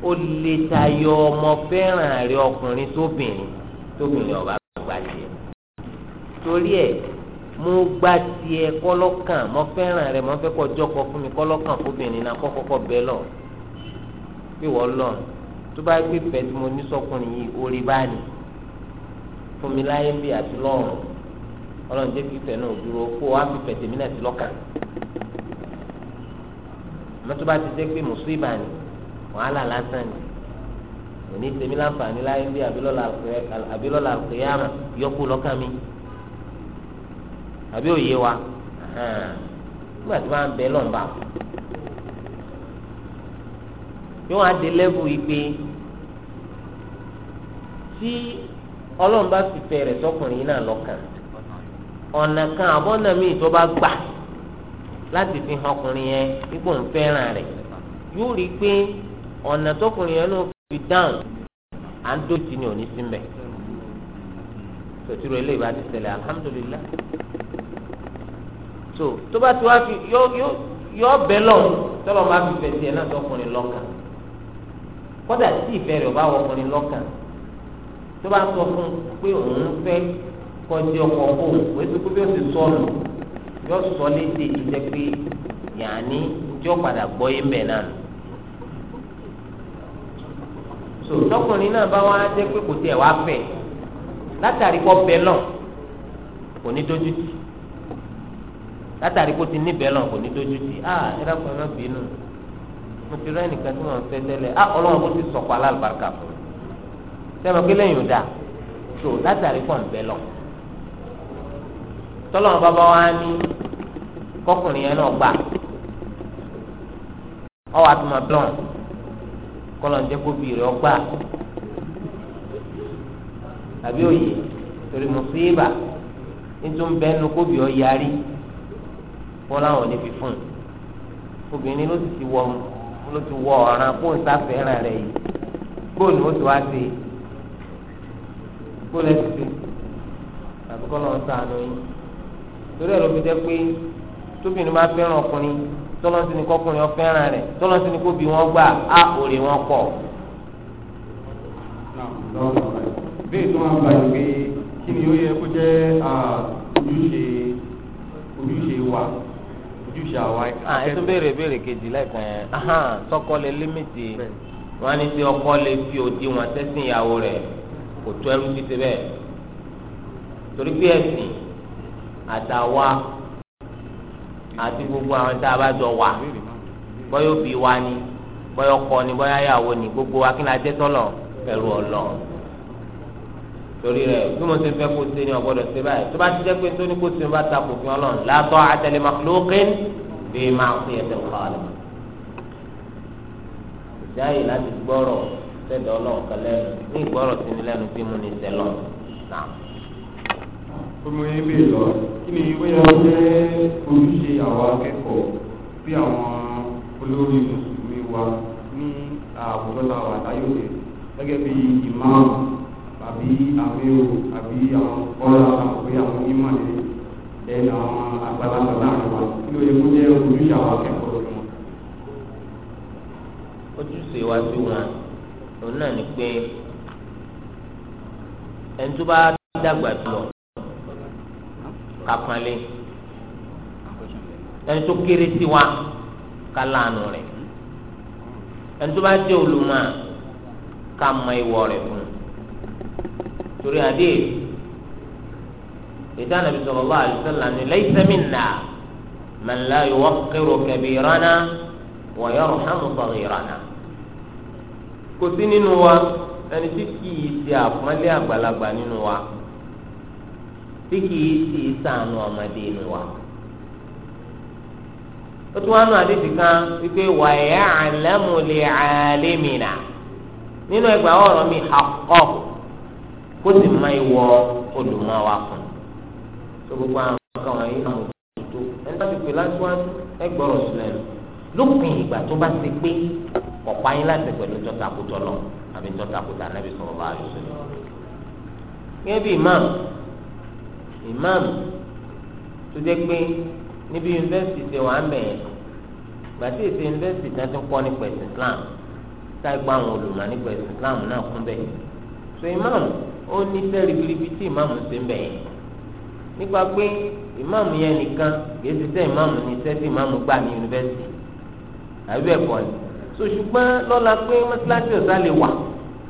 ó lè tayọ ọmọ fẹ́ràn rẹ ọkùnrin tóbìnrin tóbìnrin ọba gbà tiẹ̀ torí ẹ̀ mo gba tiẹ̀ kọ́lọ́kàn mọ fẹ́ràn rẹ mọ fẹ́ kọjọ́ kọ fún mi kọ́lọ́kàn fóbìnrin náà kọ́kọ́kọ́ bẹ́ẹ̀ lọ pé wọ́n lọ tó bá gbé fẹ́ tí mo ní sọkùnrin yìí orí bá ní fún mi láyé bí àti lọ́rùn ọlọ́run jẹ́ kí ìfẹ́ náà dúró kó wá fi fẹ́ tèmi náà sí lọ́kàn àmọ́ tó bá ti jẹ́ pé mùsùlùmí ni wàhálà lásán ni òní tèmi láǹfààní láyé bí àbílọ́là àkèyàmà yọkú lọ́kàn mi àbí òye wa nígbà tí wọ́n á bẹ lọ́nba yóò wá dé lẹ́bù yìí pé tí ọlọ́run bá fi fẹ́ rẹ̀ sọkùnrin yìí náà lọ́kàn ọ̀nà kan àbọ̀nà míì tó bá gbà láti fi hàn ọkùnrin yẹn ipò ń fẹ́ràn rẹ̀ yóò rí i pé ọ̀nà tọkùnrin yẹn náà fi dáhùn à ń dòtí ni òní sí mbẹ̀ sòtúrò eléyìí bá ti ṣẹlẹ̀ alhamdulilayi so tó bá ti wá fi yọ bẹ́ lọ́hùn tọ́lọ́ máa fi fẹ̀sì ẹ̀ náà tọkùnrin lọ́kàn kódà tí ìfẹ́ rẹ̀ bá wọkùnrin lọ́kàn tó bá sọ fún un pé òun fẹ́ kọjá ọkọ fóun kò èso pé bí ó ti sọ lò yọ sọ léde ìjẹ pé yàní jọ padà gbọ́ yín bẹ̀ náà so tọkùnrin náà bá wá jẹ́ pé kò tiẹ̀ wá fẹ́ látàrí kọ́ bẹ náà kò ní dójú tì látàrí kó ti níbẹ̀ náà kò ní dójú tì ah ẹ dákun ẹ má bínú. mo ti rẹ́ nìkan tí wọ́n fẹ́ tẹ́lẹ̀ á ah, ọlọ́run kò ti fún mi sẹ́wọ̀n kí lẹ́yìn dà tó látàrí pọ̀ nbẹ lọ tọ́lọ́run bàbá wa ní kọkùnrin yẹn náà gbà ọwọ́ àtúmọ̀ ń ọgbà àbí òye torí nítorí bẹ́ẹ̀ nu kó bì yarí láwọn ò ní fi fún un obìnrin ló sì ló ti wọ ọ̀ràn kó n sáfẹ́ràn rẹ̀ yìí bóòlù ó ti wá sí i bóòlù ẹ̀ ti sí tàbí kọ́ lọ́n sànù yín torí ẹ̀ ló fi jẹ́ pé tóbìnrin máa fẹ́ràn ọkùnrin tọ́lọ́ sí ni kọ́kùnrin ọ̀fẹ́ràn rẹ̀ tọ́lọ́ sí ni kó bí wọ́n gbà á òrè wọn kọ̀. bí ètò máa ń gbà yìí pé kí ni ó yẹ kó jẹ́ ojúṣe ojúṣe wa. Ah, ẹtún béèrè béèrè kejì lẹ́ẹ̀kan yẹn sọ́kọ́ lè límìtì wọ́n á ní tí ọkọ lè fi òdi wọn sẹ́sìn ìyàwó rẹ̀ kò tó ẹrú títí bẹ́ẹ̀ torí pé ẹ̀sìn àtàwa àti gbogbo àwọn tá a bá jọ wà bọ́yọ̀ bí wa ni bọ́yọ̀ kọ ni bọ́yọ̀ ayàwó ni gbogbo wa kí ni ajẹ́ tọ́lọ̀ ẹ̀rù ọ̀lọ́ torí rẹ̀ bí mo ṣe fẹ́ kó ṣe ni ọ̀gbọ́dọ̀ ṣe báyìí tó bá ti jẹ́ pé tó ní kó ṣe ń bá ta kò fi ọlọ́run látọ̀ àtẹlẹ́mọ́kúlókè bí máa fi ẹsẹ̀ kọ́ọ̀lù. ìdáyè láti gbọ́rọ̀ sẹ́dọ̀ ọlọ́run kan lẹ́nu ní ìgbọ́rọ̀ sí ni lẹ́nu bí mo ní sẹ́lọ̀ náà. ọmọ yẹn bèèrè lọ kí ni ìwé yẹn jẹ́ ojúṣe àwọn akẹ́kọ̀ọ́ bí àwọn olórí mùsùlùmí wa ní àwùjọ làwọn àtayọ̀dẹ̀ gẹ́gẹ́ bí ìmáàmù àbí àmì àbí àwọn ọ̀rọ̀ àwọn òwe àwọn lẹ́yìn àwọn àgbàlagbà láàrin wa kí ló yẹ kó jẹ́ ojúṣe àwọn akẹ́kọ̀ọ́ rẹ̀ wọn. ojúṣe wa sí wọn òun náà ni pé ẹni tó bá dàgbà jùlọ kápánlé ẹni tó kéré sí wa ká láàánú rẹ̀ ẹni tó bá jẹ́ olùmọ̀ ká mọ ìwọ rẹ̀ fún un torí adé ìdá nàbí sallallahu alaihi wasallam ni laysa minna man la yuwaqqiru kabirana wa yarhamu saghirana kò sí nínú wa ẹni tí kìí ṣe àpọ́nlé àgbàlagbà nínú wa tí kìí ṣe ṣàánú ọmọdé nínú wa ó tún wá nù àdéhì kan wípé wàyà àlámùlè àlèmìnà nínú ẹgbàá ọ̀rọ̀ mi àkọ́ kó sì máa wọ olùmọ̀ wa tó gbogbo àwọn nǹkan wọ̀nyí àwọn òtútù ẹni tó ti pè láṣíwájú ẹ gbọ́rọ̀ sílẹ̀ lópin ìgbà tó bá ti pé ọ̀pá yín láti pẹ̀lú tọ́ta kútọ́ lọ àbí tọ́ta kúta anábì sọ̀rọ̀ bá yọ sílẹ̀. gẹ́gẹ́ bí imam imam tó jẹ́ pé níbi yunifásitì ṣe wà á mẹ́ẹ̀ gbàtí èsì yunifásitì kan ti ń kọ́ nípa ẹ̀sìn Islam táì gba àwọn olùmọ̀ nípa ẹ̀sìn Islam náà kún bẹ́ẹ̀. so imam ó ní sẹ́ẹ̀rì gbirigbiri tí imam ń ṣe ń bẹ̀yẹn nípa pé ìmáàmù yẹn nìkan kìí ti sẹ́ ìmáàmù ní sẹ́tì ìmáàmù gbà ní yunifásitì àbí ẹ̀kọ́ ni so ṣùgbọ́n lọ́la pé mọ́sálásí ọ̀sá lè wà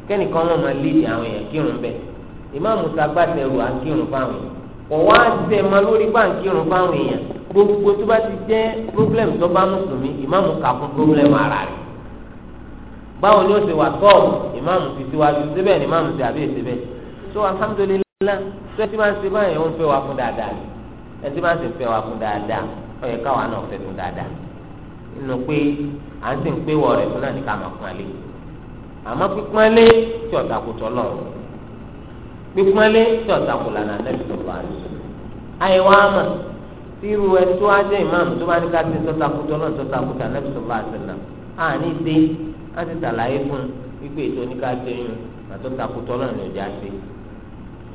kẹ́nìkan wọn máa léèdì àwọn èèyàn kírun bẹ́ẹ̀ ìmáàmù sagbátẹrù à ń kírun fáwọn èèyàn kò wá tẹ ma lórí bá ń kírun fáwọn èèyàn gbogbo tó bá ti jẹ́ pírọ́blẹ̀mù tó bá mùsùlùmí ìmáàmù kà fún pírọ́blẹ̀mù ara rẹ̀ báwo ni ó ṣe wà sọ́ọ̀bù ìmáàmù ti tiwájú síbẹ̀ ni ìmáàmù ti àbí èsì ńlá tó ti máa ń ṣe báyìí ó ń fẹ́ wa fún dáadáa ẹ ti máa ń ṣe fẹ́ wa fún dáadáa ó yẹ káwa náà fẹ́ fún dáadáa nínú pé à ń sì ń pé wọ rẹ̀ fún náà ní ká máa pọ́n lé àmọ́ pípọ́n lé tí ọ̀tà kò tọ́ lọ pípọ́n lé tí ọ̀tà kò lànà nẹ́bí tó bá rí ayé wa mọ̀ tí irú ẹ tó wá jẹ́ ìmáàmù tó bá ní ká ti tọ́ta kò tọ́ lọ́nà tọ́ta kò tà nẹ́bí tó bá rí nà á dé á ti tàlàyé fún wípé ètò oníkàgbé àtọ́ta kò tọ́ lọ́nà ní ọjà ṣe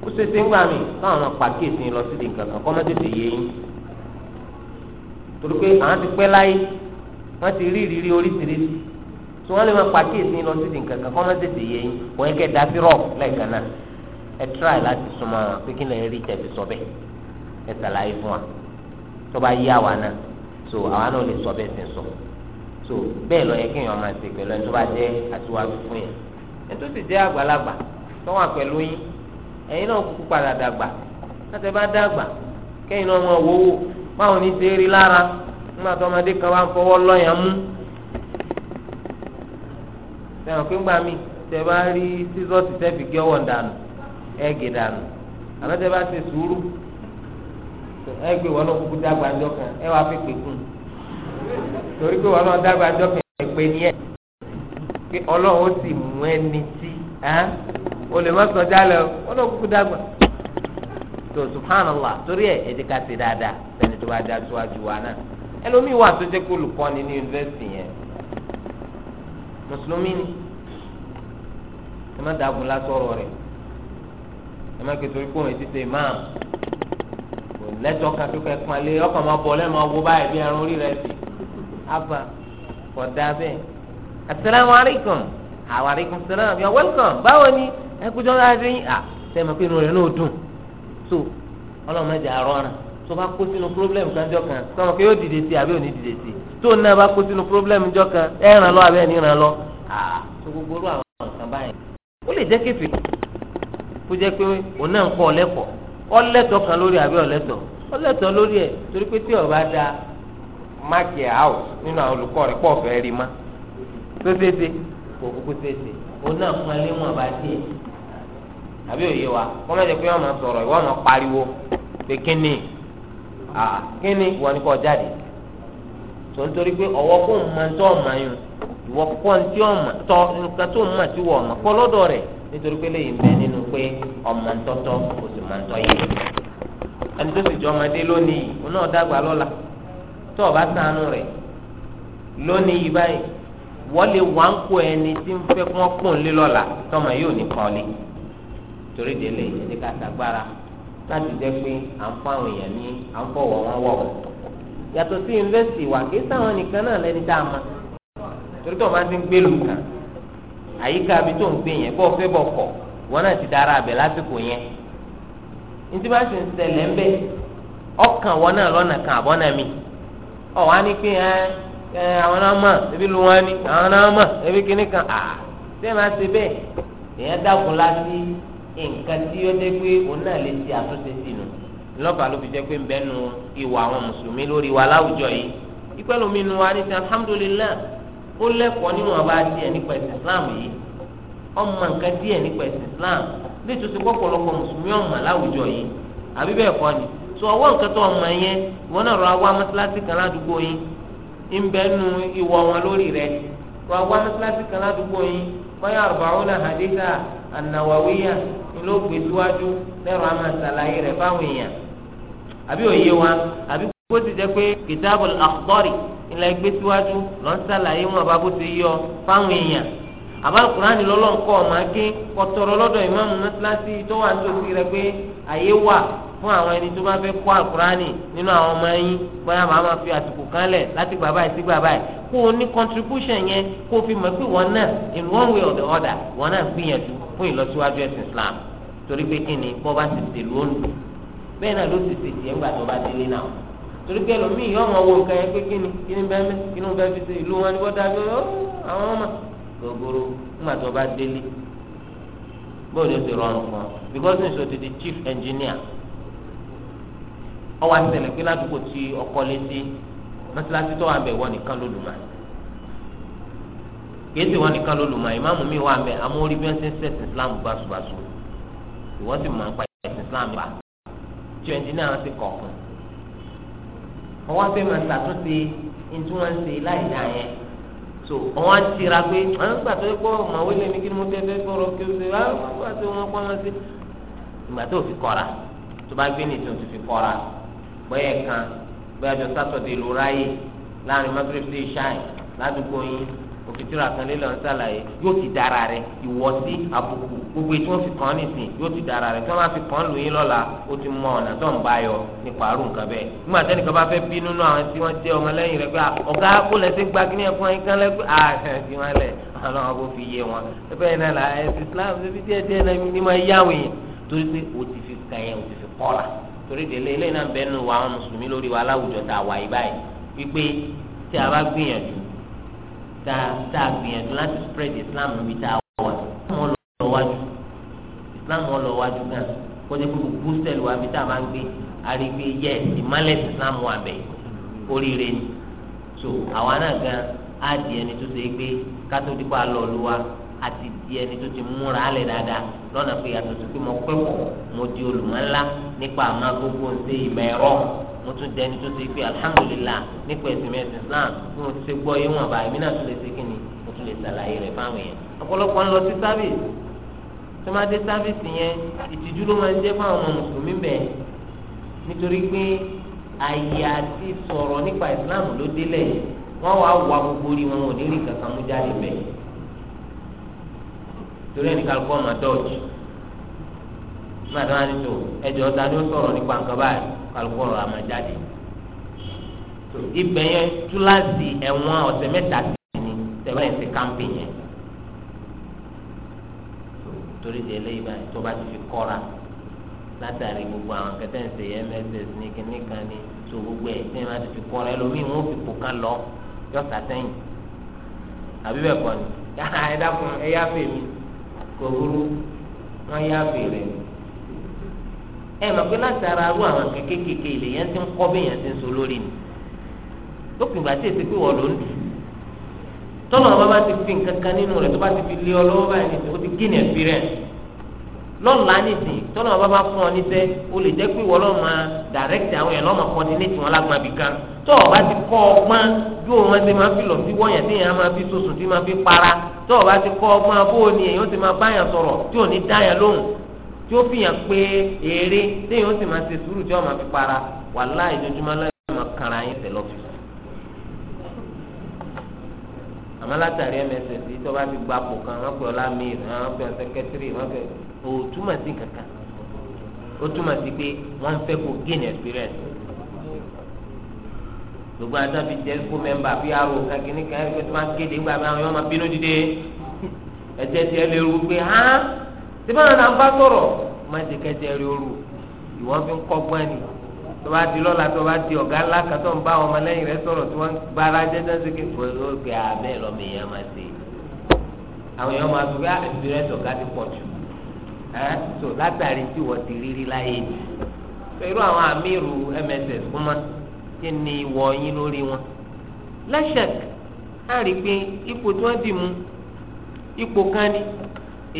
ó ṣeéṣe ń gbà mí káwọn máa pàkíyèsí lọ sí nǹkan kan kọ́ máa tètè yé yín torí pé àwọn ti pẹ́ láyé wọ́n ti rí ìrírí oríṣiríṣi tí wọ́n lè máa pàkíyèsí lọ sí nǹkan kan kọ́ máa tètè yé yín wọ́n yẹ kẹ́ da sírọ̀pù lẹ́ẹ̀kan náà ẹ tíráì láti súnmọ́ wọn pé kí lẹ́yìn rí tẹ̀sí sọ bẹ́ẹ̀ ẹ ṣàlàyé fún wa tó bá yí àwa náà so àwa náà lè sọ bẹ́ẹ̀ sì ń sọ so bẹ́ẹ̀ lọ yẹ kí èèyàn máa ṣe pẹ̀lú ẹni tó bá jẹ́ aṣíwájú fún yẹn ẹni tó sì jẹ́ àgbàlagbà tó wà pẹ̀lú yín ẹ̀yin náà kúkú padà dàgbà láti bá dàgbà kẹ́yìn náà wọn wò wò báwọn ní ṣe rí lára nígbà tó ọmọdé kan bá ń fọwọ́ lọ́yàn mú sẹ́wọ̀n pé ńgbà mí tẹ́ bá rí sísọ́ọ̀sì tẹ́fì gé ọwọ́ dànù ẹ̀ dànù àmọ́ tẹ́ bá ṣe sùúrù ẹ̀ wọn náà kúkú dàgbà ńjọ́ kan wá fi pè torí pé wọn náà dàgbà ńjọ́ kan o lè má sọ jálẹ̀ o ó lọ kúkú dàgbà tó subhanallah torí ẹ ẹ ti ká ṣe dáadáa sẹni tó bá dá síwájú wa náà ẹlòmíì wà tó jẹ́ kó olùkọ́ni ní yunifásitì yẹn mùsùlùmí ni ẹ má dàgùn lásọ̀rọ̀ rẹ̀ ẹ má kẹtọ́ ikú rẹ̀ títẹ̀ máa kò lẹ́tọ́ kan tó kẹ́ fún ọkàn máa bọ̀ lẹ́nu ọwọ́ báyìí bí ẹran orí rẹ̀ sí abba kò dá bẹ́ẹ̀ asalaamualeykum awa salaam you are báwo ni ẹkújọ́ bá fi yín Ah, sẹ́yìn mọ̀ pé inú rẹ̀ náà dùn so ọlọ́mọ ẹ̀jẹ̀ àrọ́ràn tó bá kó sínú problem kan jọ kan sọmọ pé yóò dìde sí àbí òní dìde sí tó náà bá kó sínú problem jọ kan ẹ̀ ràn lọ àbí ẹ̀ní ràn lọ à tó gbogbo orú àwọn nǹkan báyìí ó lè jẹ́ kéfì kó jẹ́ pé òun náà ń kọ́ ọ̀lẹ́kọ̀ọ́ ọ̀lẹ́tọ̀ kan lórí àbí ọ̀lẹ́tọ̀ ọ̀lẹ́tọ̀ lórí ẹ̀ torí pé tí ọ̀bá da máàkì àwọ̀ nínú àwọn olùkọ́ rẹ̀ pọ̀ fẹ́ rí ma tó ṣeéṣe kò kúkú ṣeéṣe òun náà fún ẹlẹ́wọ̀n bá tiẹ̀ àbí òye wa wọ́n má jẹ́ pé wọ́n máa sọ̀rọ̀ ìwọ́n máa pariwo pé kíni kíni wọ́n ní kọ́ jáde tó ń torí pé ọ̀wọ́ kó ń mọ tó ọ̀mà yun ìwọ kọ́ ń tí ọ̀mà tọ́ nǹkan tó ń mọ̀ tí wọ́n ọ̀mà kọ́ lọ́dọ̀ rẹ̀ nítorí pé lè bẹ nínú pé ọ̀mà ńtọ́tọ́ kò sì mọ̀ ńtọ́ yìí ẹni tó sì jọ ọmọdé lónìí òun náà dàgbà lọ́la tó o bá rẹ̀ lónìí yìí báyìí wọ́n lè wá ń kó ẹni tí ń fẹ́ kó wọ́n lọ́la tọ́mọ yóò ní kan torí délé ẹni ká sagbára láti jẹ́ pé à ń fọ́ àwọn èèyàn ní à ń fọwọ́ wọn wọ̀ yàtọ̀ sí yunifásitì wà kí sáwọn nìkan náà lẹni tá a mọ̀ torí tó o máa ti ń gbèlú kan àyíká mi tó ń gbé yẹn bọ́ fẹ́ bọ̀ kọ̀ wọn náà ti dára abẹ lásìkò yẹn ntí bá ti ń ṣẹlẹ̀ ń bẹ ọkàn wọn náà lọ́nà kan àbọ̀ náà mi ọ̀ wá ní pé ẹ ẹ àwọn náà mọ̀ ebi lu wọn ni àwọn náà mọ̀ ebi kíní kan à ṣé máa ṣe bẹ́ẹ̀ èèyàn dákun láti nǹkan tí ó dé pé òun náà lè ṣe àtúnṣe sínú lọ́ba ló fi jẹ́ pé ìwà àwọn mùsùlùmí lórí wa láwùjọ yìí ìpẹ́ lómi nu wa ní ti alhamdulillah ó lẹ́kọ̀ọ́ níwọ̀n bá díẹ̀ nípa ẹ̀sìn Islam yìí ọmọ nǹkan díẹ̀ nípa ẹ̀sìn Islam bí mùsùlùmí láwùjọ yìí àbí kọ́ ni ọwọ́ nǹkan tó ọmọ yẹn wọn náà rọ ànàwàwíyà ló gbé síwájú lẹ́rọ àmà sàlàyé rẹ̀ fáwọn èèyàn àbí òye wa àbí kó ti jẹ́ pé kitabul akhdari ilẹ̀ gbé síwájú lọ́n sàlàyé wọn bá bó ti yọ fáwọn èèyàn àbá kùránì lọ́lọ́nkọ́ ọ̀mà gé kọtọrọ lọ́dọ̀ ìmáàmù mẹ́tíláṣí tó wà ní òsì rẹ pé àyè wà fún àwọn ẹni tó bá fẹ́ kọ́ àkùránì nínú àwọn ọmọ yín bóyá màá máa fi àsìkò kan lẹ̀ láti gbà báyìí sí gbà báyìí kó o ní contribution yẹn kó o fi mọ̀ pé wọn náà in one way or the other wọn náà gbìyànjú fún ìlọsíwájú ẹ̀sìn Islam torí pé kí ni bọ́ bá ti tèlú òǹdù bẹ́ẹ̀ náà ló ti tètè ẹ̀ ń gbà tó bá délé náà torí pé ẹlòmíì yọ ọmọ wo nǹkan yẹn pé kí ni kí ni bẹ́ẹ̀ kí ni bẹ́ẹ̀ fi ṣe ìlú wọn ni wọ́n dábí ó àwọn ọmọ gbogbooro nígbà tó bá délé bóyá o ti rọrùn fún ọ because ní sọ ti di chief engineer ọwọ́ àtẹ̀lẹ̀ pé ládùúgbò tí ọkọ létí mọ́sálásí tó wà ń bẹ̀ wọ́n nìkan ló lùmọ̀ kéésì wọ́n nìkan ló lùmọ̀ ìmáàmù mi wà ń bẹ̀ amórí bí ń sẹ̀sìn Islam báṣubàṣu ìwọ́n sì mọ̀ nípa ẹ̀sìn Islam bá tí ẹni náà ti kọ̀ fún ọwọ́ fẹ́ máa ṣàtúnṣe ntí wọ́n ń ṣe láì dá yẹn so ọwọ́ ń tira pé àwọn gbà tó kọ́ màwé lẹ́ni kí ni mo tẹ́ fẹ́ fọ́rọ̀ kí o ṣe àwọn gbà tó wọn kọ́ wọn sí ìgbà tó fi kọ́ra tó bá gbé nìtò tó fi kọ́ra bóyá kan bóyá jọ sátọ̀dé ló ráyè láàrin magreth sí ṣáì ládùúgbò yín òfìtìrà kan lé lọ́n sàlàyé yóò ti dára rẹ ìwọ́sí àbùkù gbogbo ètò òfin kan nìsín yóò ti dára rẹ tí wọ́n bá fi kàn lù yín lọ́la ó ti mọ ọ̀nà tó ń bá yọ nípa àrùn nǹkan bẹ́ẹ̀ nígbà tẹ́ni kan bá fẹ́ bí nínú àwọn tí wọ́n jẹ́ ọmọ lẹ́yìn rẹ pé ọ̀gá kó lẹ́sẹ̀ gba kí ni ẹ̀fọn yín kan lẹ́gbẹ́ ààrẹ ti wọn lẹ̀ ọlọ́run kò fi yé wọn bẹ́ẹ̀ náà náà torí délé eléyìí náà bẹ́ẹ̀ nù wá àwọn mùsùlùmí lórí wa láwùjọ tá a wà yìí báyìí wípé tí a bá gbìyànjú tá a gbìyànjú láti spread Islam níbi tá a wà Islam ọlọ wájú Islam ọlọ wájú gan kọjá pé gbogbo sẹ́ẹ̀lì wa bí tá a máa ń gbé arígbé yẹ ìmálẹ̀ Islam wà bẹ̀ oríire ni so àwa náà gan á di ẹni tó ṣe é gbé kátó dípò alọ́ ọlọ́wà àti di ẹni tó ti múra alẹ dáadáa lọ́nà pé yàtọ̀ sí pé mo pẹ́ pọ̀ mo di olùmọ̀ọ́lá nípa àmọ́ gbogbo ṣe ìmọ̀ ẹ̀rọ mo tún dẹni tó ti pé alihamudulilah nípa ẹ̀sìn mẹ́sìn islam bí mo ti ṣe gbọ́ yín bá èmi náà tún lè ṣe kí ni mo tún lè ṣàlàyé rẹ̀ fáwọn èèyàn ọ̀pọ̀lọpọ̀ ń lọ sí sábìsì tó máa dé sábìsì yẹn ìtìjú ló máa ń jẹ́ fáwọn ọmọ mùsùlùmí bẹ́ẹ̀ nítorí pé àyè àti sọ̀rọ̀ nípa islam ló délẹ̀ wọ́n wá wà gbogbo rí wọn ò ní rí kankan mú jáde bẹ́ẹ̀ torí ẹni kálukọ́ ọmọ dọ́ọ̀jì nígbà tí wọ́n á ní tó ẹjọ́ ọ̀tá ni ó sọ̀rọ̀ nípa nǹkan báyìí kálukọ́ ọ̀rọ̀ àmọ́ jáde ibẹ̀ yẹn túláàsì ẹ̀wọ̀n ọ̀sẹ̀ mẹ́ta sí ni tẹ̀wọ́n ẹ̀ ń ṣe kámpì yẹn torí di eléyìí báyìí tó bá ti fi kọ́ra látàrí gbogbo àwọn kẹtẹ́ǹsì mss ní kíní kan ní tó gbogbo ẹ̀ tí ti fi kọ́ra ẹlòmíì wọ́n fi kó kan lọ yọ̀ọ́sà sẹ́yìn àbí bẹ́ẹ̀ kọ́ ni ẹ dákun fèmí. gbogbo wọn yá fèrè ẹ mọ̀ pé láti ara arú àwọn kékèké ilé yẹn ti ń kọ́ bí yẹn ti ń so lórí ni lópin tí èsì pé ló ń dù ọba ti fi nǹkan kan nínú rẹ̀ tó bá ti fi lé ọ ti gé ní lọ́la nìsín tọ́lọ́ bá bá fún ọ níṣẹ́ o lè jẹ́ pé wọ́n lọ́ọ́ máa dàrẹ́kìtì àwọn yẹn lọ́ọ́ máa kọ́ ní ní tiwọn lágbọn àbí kan tọ́ ọ bá ti kọ́ ọgbọ́n bí òun máa ti máa fi lọ sí wọ́nyẹn tí èèyàn máa fi sosùn tí máa fi para tọ́ ọ bá ti kọ́ ọgbọ́n bó o ní èèyàn ti máa báyàn sọ̀rọ̀ tí ò ní dáyàn lóhùn tí ó fìyàn pé eré tí èèyàn ti máa ṣe sùúrù tí ó máa fi para wàhálà ìjọjúmọ́ lọ́yẹ̀ máa kara yín tẹ̀ lọ́fíìsì àmọ́ látàrí mss tó bá ti gba àpò kan wọ́n pè ọ́ lámì wọ́n pè ọ́ sẹ́kẹ́tìrì wọ́n pè ọ́ o túmọ̀ sí kankan o túmọ̀ sí pé wọ́n fẹ́ kó gain experience gbogbo àtàbí tẹlifó mẹ́mbà bí arò kankini kan ẹgbẹ́ tó máa kéde ńgbà bí àwọn yọọ máa bínú dìde ẹ̀jẹ̀ tiẹ̀ lè ru pé hàn síbẹ̀ náà ń bá sọ̀rọ̀ máa jẹ kẹ́jẹ́ rí oru ìwọ́n fi ń kọ́gbọ́n ni tó bá di lọ́la tó bá di ọ̀gá ńlá kan tó ń bá ọmọ lẹ́yìn rẹ sọ̀rọ̀ tí wọ́n bá ara jẹ́jẹ́ sí kí pẹ̀lú ọ̀gá abẹ́ lọ́mọ èèyàn máa ṣe àwọn èèyàn máa sọ pé àbí rẹ sọ̀gá ti pọ̀ jù ẹ tó látàrí tí wọ́n ti rírí láyé ni pẹ̀lú àwọn amíru mss kúmọ́ kí ni ìwọ yín lórí wọn lẹ́sẹ̀k á rí i pé ipò tí wọ́n dì mú ipò kan ní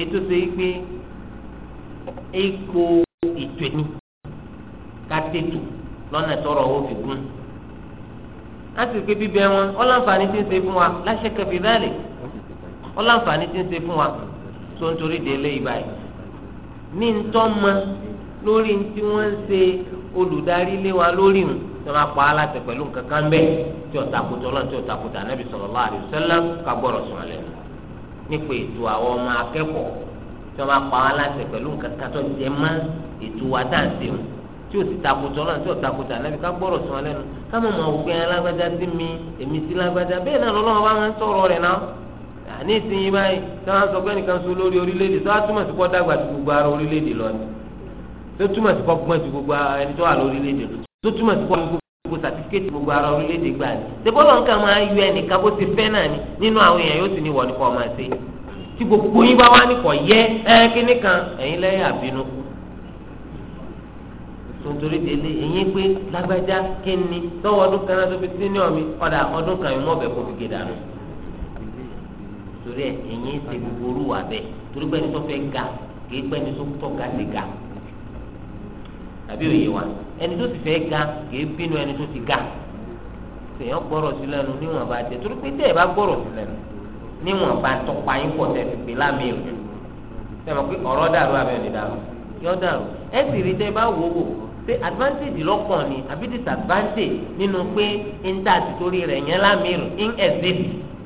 ètò ṣe é pé ipò ètò ẹni kátètò lọ́nà tọrọ owó fi gún láti pé bíbẹ wọn ọlànfààní ti ń ṣe fún wa láṣẹ kẹfì dálè ọlànfààní ti ń ṣe fún wa tó ń torí délé ìbáyìí. ní ntọ́ mọ lórí ntí wọ́n ń ṣe olùdarí lé wa lórí mu tí wọ́n pa á láti pẹ̀lú nǹkan kan bẹ́ẹ̀ tí ọ̀tà kùtà ọlọ́run tí ọ̀tà kùtà anábì sallallahu alaihi wasallam ká gbọ́dọ̀ sùn lẹ́nu nípa ètò àwọn ọmọ akẹ́kọ̀ọ́ tí wọ́n pa á láti pẹ̀lú nǹkan kan tó jẹ mọ́ ètò wa dáǹsì mu tí o ti takùtọ̀ náà tí o takùtọ̀ ànábi ká gbọ́rọ̀ sùn alẹ́ ká mọ̀ mọ̀ ògbẹ́ alágbádá mi èmi sí lágbádá bẹ́ẹ̀ náà lọ́lọ́wọ́ ní ìsinyìí báyìí tí wọ́n sọ pé nìkan sọ lórí orílẹ̀-èdè tó wá túmọ̀ sí kọ́ dàgbà ju gbogbo ara orílẹ̀-èdè lọ ni tó túmọ̀ sí kọ́ gbọ́n ju gbogbo ẹni tó wà lórílẹ̀-èdè lọ tó túmọ̀ sí kọ́ gbogbo sàtífíkẹ́tì gbogbo ara orílẹ̀-èdè gbà ní. ṣèbọ́lọ̀ nǹkan máa yọ ẹnìkan bó ti fẹ́ náà ni nínú àwọn èèyàn yóò sì ní wọ̀nìkọ́ máa ṣe tí gbogbo yín bá wá nìkọ̀ yẹ ẹ kíní kan ẹ̀yin lẹ́yìn àbínú nítorí délé èyí pé lágbájá kí ni tọ́wọ́ ọdún kan náà tó fi sí ní ọ̀mí ọ̀dà ọdún kan yìí mọ̀ bẹ́ẹ̀ kó fi gé dànù torí ẹ ẹ̀yin ṣe gbogbo olúwa bẹ́ẹ̀ torí pé ẹni tó fẹ́ ga kìí pé ẹni tó tọ́ ga ṣe ga tàbí òye wa ẹni tó ti fẹ́ ga kìí bínú ẹni tó ti ga tèèyàn gbọ́rọ̀ sí lẹ́nu níwọ̀n bá jẹ torí pé tẹ́ẹ̀ bá gbọ́rọ̀ sí lẹ́nu níwọ̀n bá tọpa yín pọ̀ tẹ̀ pé lámì o tẹ̀mọ̀ pé ọ̀rọ̀ dàrú abẹ́ ni dàrú yọ dàrú ẹ sì rí tẹ́ bá wò wò pé advantage lọ́kàn ni àbí disadvantage nínú pé ń tà àtìtórí rẹ̀ yẹn lámì o ń ẹ̀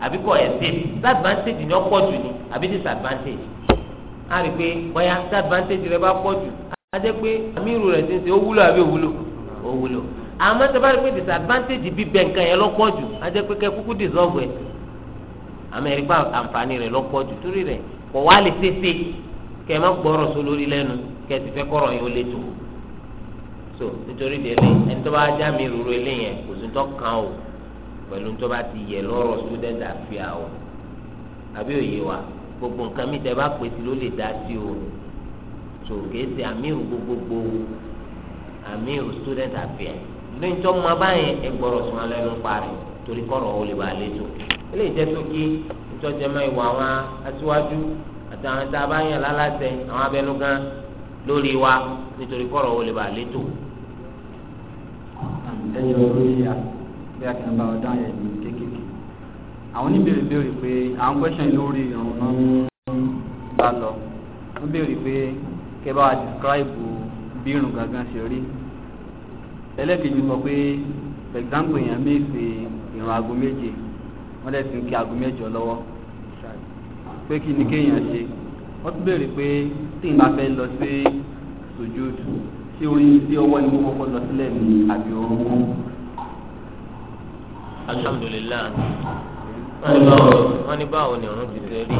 àbí kọ ẹsẹ disadvantage ni ó pọ̀ jù ni àbí disadvantage a rí i pé bóyá disadvantage rẹ bá pọ̀ jù a jẹ́ pé amírù rẹ̀ ti ń ṣe ó wúlò àbí òwúlò òwúlò àmọ́ tó bá rí i pé disadvantage bíbẹ nǹkan yẹn lọ́pọ̀ jù a jẹ́ pé kẹ́ kúkú dissolve ẹ̀ àmọ́ ẹ̀rí pa àǹfààní rẹ̀ lọ́pọ̀ jù torí rẹ̀ kọ̀ wá lè ṣeéṣe kẹ́ ẹ má gbọ́rọ̀ só lórí lẹ́nu kẹ́ ẹ sì fẹ́ kọ́rọ̀ yẹn ó lè tó so nítorí délé ẹni tó bá já mi rúru eléyẹn kò sí tó kàn ó pẹ̀lú tó bá ti yẹ lọ́rọ̀ student àfíà o àbí òye wa gbogbo nǹkan mi tẹ bá pè sí ló lè dá sí o tó kéésì àmírù gbogbogbò àmírù student àfíà lóyún tó mọ báyẹn ẹgbọrọ sùn alẹ́ ló parí torí kọ́rọ̀ ó lè bá a létò eléyìí jẹ́ sókè ìtọ́jẹmọ́ ìwà àwọn aṣíwájú àtàwọn tá a bá yàn lálàsẹ àwọn abẹnugan lórí wa nítorí kọ́rọ̀ ó lè bá a létò bí akẹ́kọ̀ọ́ bá ọdún àyẹ̀ ìlú kéékèèké àwọn oníbèrè béèrè pé àwọn question lórí ìrùn bá lọ wọ́n béèrè pé kẹ́ bá wa describe bí irun gangan ṣe rí ẹlẹ́kejì sọ pé for example èèyàn méèsè ìrùn aago méje wọ́n dẹ̀ ti ń kí aago mẹ́jọ lọ́wọ́ pé kí ni kéèyàn ṣe wọ́n tún béèrè pé tí n bá fẹ́ lọ sí sojúdù ṣé orin sí ọwọ́ ni mo kọ́kọ́ lọ sílẹ̀ ní àbí orúkọ alhamdulilayi wọ́n ní báwo ni ọ̀run ti ṣe rí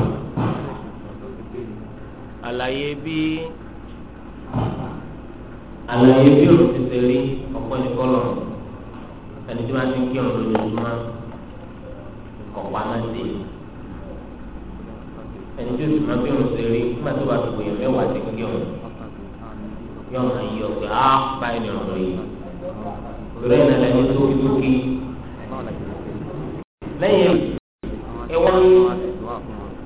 àlàyé bí àlàyé bí ọ̀run ti ṣe rí ọ̀pọ̀ ní kọ́lọ̀ ẹni tí wọ́n ti ń kí ọ̀run lójoojúmọ́ kọ̀pá náà sí ẹni tí oṣù máa bí ọ̀run ṣe rí nígbà tó bá gbogbo èèyàn mẹ́wàá ti ń kí ọ̀run yọ̀ọ̀run yìí ọ̀gbẹ́ ah, báyìí ni ọ̀run yìí òṣèré náà tó fi lókè. lẹ́yìn ẹ̀wọ̀n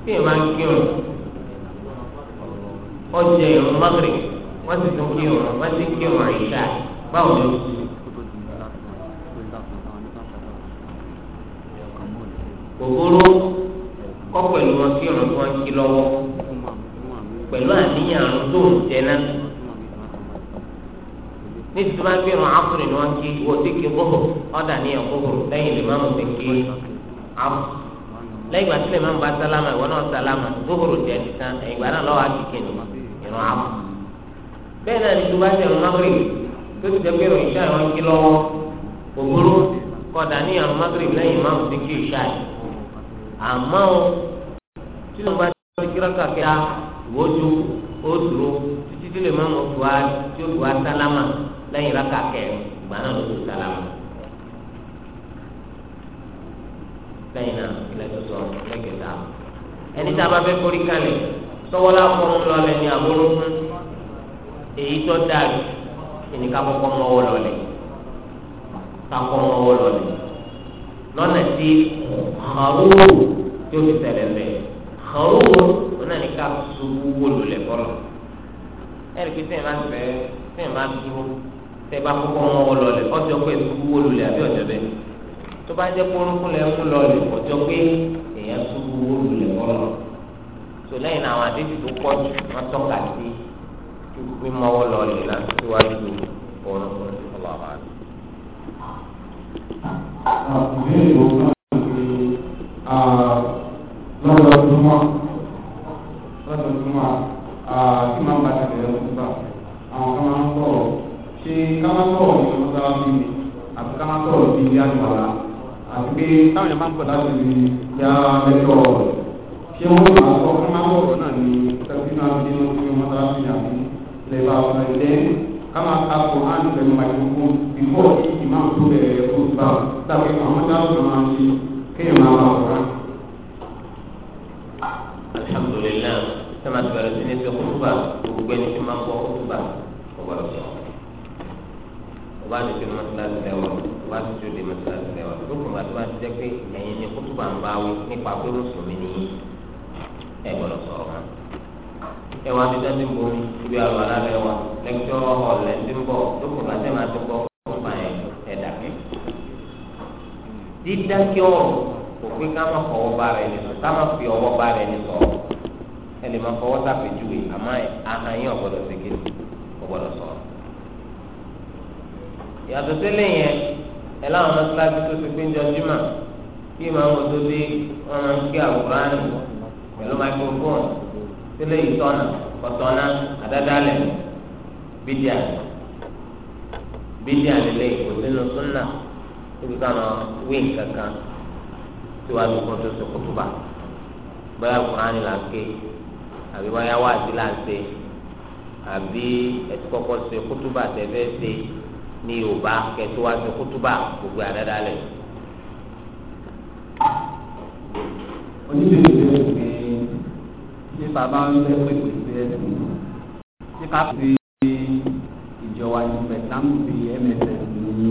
kí ẹ̀ máa ń kírun ọjà ìrún magre wọ́n sì tún kírun wọ́n sì kírun àyíká báwo ni ó ti. kọ́ pẹ̀lú wọn kí ọ̀rọ̀ tí wọ́n kí lọ́wọ́ pẹ̀lú àníyàn àrùn tó ń jẹ náà ní ti bá ni wọn kí ti kí ní lè àmù lẹ́yìn ìgbà tí lè má ba sálámà ìwọ náà sálámà gbóhóró tẹ ẹni tán ẹ̀yìn ìgbà náà lọ́wọ́ àkìkì ni ìrún àmù bẹ́ẹ̀ náà ni tó bá tẹ̀rù magre tó ti dẹ́gbẹ́ ìrún ìṣá ìwọ́n kí lọ́wọ́ ògbóró kọ́dà ní ìrún magre lẹ́yìn má ti kí ìṣá yìí àmọ́ tí lè má ti kíráka kẹta ìwọ́ ju ó dúró títí tí lè má mọ̀ tó a tí ó tó a sálámà lẹ́yìn ìrún ìgbà náà ló tó sálámà. lẹ́yìn náà lẹ́tọ̀ sọ lẹ́kẹ̀ta. ẹni tá a bá fẹ́ forí kalẹ̀ sọ́wọ́lá fọ́ọ̀mù lọ́lẹ̀ ní àbúrò fún èyí tó dàrú ìníkà kọ́kọ́ mọ́wọ́ lọ́lẹ̀ kakọ́ mọ́wọ́ lọ́lẹ̀ lọ́nà tí xarúwò yóò fi tẹ̀lé lẹ̀ xarúwò ọ̀nà ní ká subú wọlò lẹ̀ bọ́lọ̀ ẹ̀rí pé sẹ́yìn máa fẹ́ sẹ́yìn máa dúró sẹ́yìn bá kọ́kọ́ mọ́wọ́ lọ́lẹ̀ ọ̀sẹ̀ ọ̀pẹ̀ subú wọlò lẹ̀ àbí ọ̀sẹ̀ bẹ́ẹ̀ tó bá jẹ́ kórókún lẹ́ mú lọ lè kọjọ́ pé èèyàn ṣubú wóoru lẹ̀ ọ̀rọ̀ tó lẹ́yìn àwọn àdéhùn tó pọ̀ jù wọ́n tọ́ka sí mímọ́wọ́ lọ lè láti síwájú ọ̀rọ̀ ọ̀làwà. àkùnrin ìlú náà ti lọ́dọọdúnmọ́ lọ́dọọdúnmọ́ kí máa ń bá tẹ̀lé ọ̀túnba àwọn kan máa ń sọ̀rọ̀ ṣé ká máa sọ̀rọ̀ ní ọ̀tá bíi àti ká máa sọ̀rọ̀ bíi yálùbọ̀lá àgbé láti ya mẹ́tọ̀ ṣé wọ́n máa sọ fún máa wọ̀rọ̀ náà ní sẹ́kúnà nínú tí wọ́n máa fi hàn lẹ́bà ọ̀rẹ́dẹ́ ká máa ka kó hàn pẹ̀lú màìkókó bífọ̀ kí ìmáà tó bẹ̀rẹ̀ kó gbà tàbí àwọn dáhùn máa ṣe kéèyàn máa bá wọ̀rọ̀. alhamdulilayi sẹ́mi àti bẹ̀rẹ̀ sí ní fi kúrúbà gbogbo ẹni tí máa ń bọ́ kúrúbà ọ̀gbọ̀dọ̀ sọ̀rọ̀ ọba àti fi mọ́tíláṣí lẹ́wọ̀n bá tún jó de mẹsàlásì rẹ wá tó kùn bá tó bá ti jẹ pé ẹ̀yin ni kó tó bá ń bá wí nípa pé mùsùlùmí ni ẹ gbọ́dọ̀ sọ̀rọ̀ wọn. ẹ wá ti dájú bo ibi àlọ́ alárẹ̀ wa lẹ́kítọ́ ọ̀lẹ́ ti ń bọ̀ tó kùn bá tẹ̀ máa ti bọ̀ fún bá yẹn ẹ̀ dàbí. dídákẹ́ ọ̀rọ̀ kò pé ká má fọwọ́ bá rẹ̀ ní sọ ká má fi ọwọ́ bá rẹ̀ ní sọ ẹ lè má fọwọ́ sàpèjúwe àmọ́ àhàyàn ọ̀gbọ́dọ̀ ṣe kéde ọ̀gbọ́dọ̀ sọ̀rọ̀ yàtọ̀ ẹ láwọn mọ́sálásí tó ti pé ń jọjúmọ́ kí màá wọ́n tó dé wọ́n máa ń kí àwòrán nìwọ̀n pẹ̀lú microphone sílẹ̀ ìtọ́nà kọ̀tọ́nà àdádálẹ̀ bídíà bídíà lélẹ̀ kò sínú súnà níbi káwọn wí kankan tí wàá tó kọ́tọ́ tó kótó bá báyà kùrán ni là ń ké àbí báyà wáàdí là ń ṣe àbí ẹtí kọ́kọ́ ṣe tẹ̀ fẹ́ ṣe ní yorùbá kẹtó wá sí kútúbà gbogbo àdáda lẹ. oníbèrè rẹ̀ pé ṣé bàbá ń fẹ́ pé kò sí ẹ̀sìn ṣé ká fi ìjọba ìpẹ́ sáàmù bí mss ní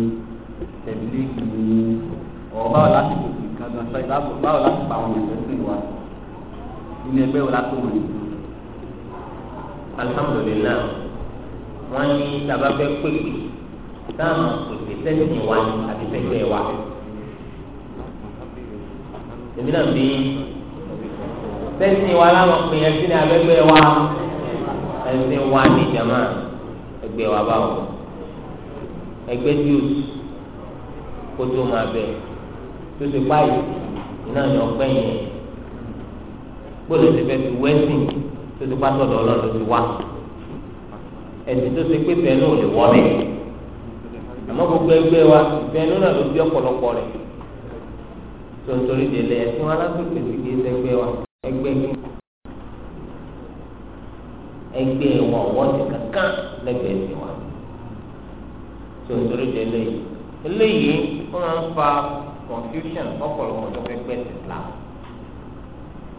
tẹ̀lílẹ́kì ní ọ̀báwò láti kò sí gangan sọ ìlàbọ̀ báwo láti pa àwọn ìfẹ́sìn wa nínú ẹgbẹ́ wo láti wọ̀nyí. alhamdulilayi wọn ní sábà fẹ́ pèpè táwọn pèpè sẹ́yìn wa àti sẹ́gbẹ̀ẹ́ wa. èmi náà bí sẹ́yìn wa láwọn pè é sínú abẹ́gbẹ́ wa ẹ̀sìn wa ní jama ẹgbẹ́ wa báwo ẹgbẹ́ díùs kó tó máa bẹ̀ tó ti páyì iná ni ọgbẹ́ yẹn gbọ́dọ̀ ti fẹ́ fi wẹ́sìn tó ti pátọ̀ lọ́lọ́ tó ti wá ẹ̀sìn tó ti pé bẹ́ẹ̀ náà ò lè wọ́ bẹ́ẹ̀ àmọ́ gbogbo ẹgbẹ́ wa ìfẹ́ inú náà ló bí ọ̀pọ̀lọpọ̀ rẹ̀ tontori délé ẹ̀sìn wa lágbègbè ti kí ẹgbẹ́ wa ẹgbẹ́ kí ẹgbẹ́ wọn ọ̀wọ́ ti kankan lẹ́gbẹ̀ẹ́ sí wa tontori délé eléyìí wọ́n máa ń fa confusion ọ̀pọ̀lọpọ̀ tó fẹ́ gbẹ́ ti la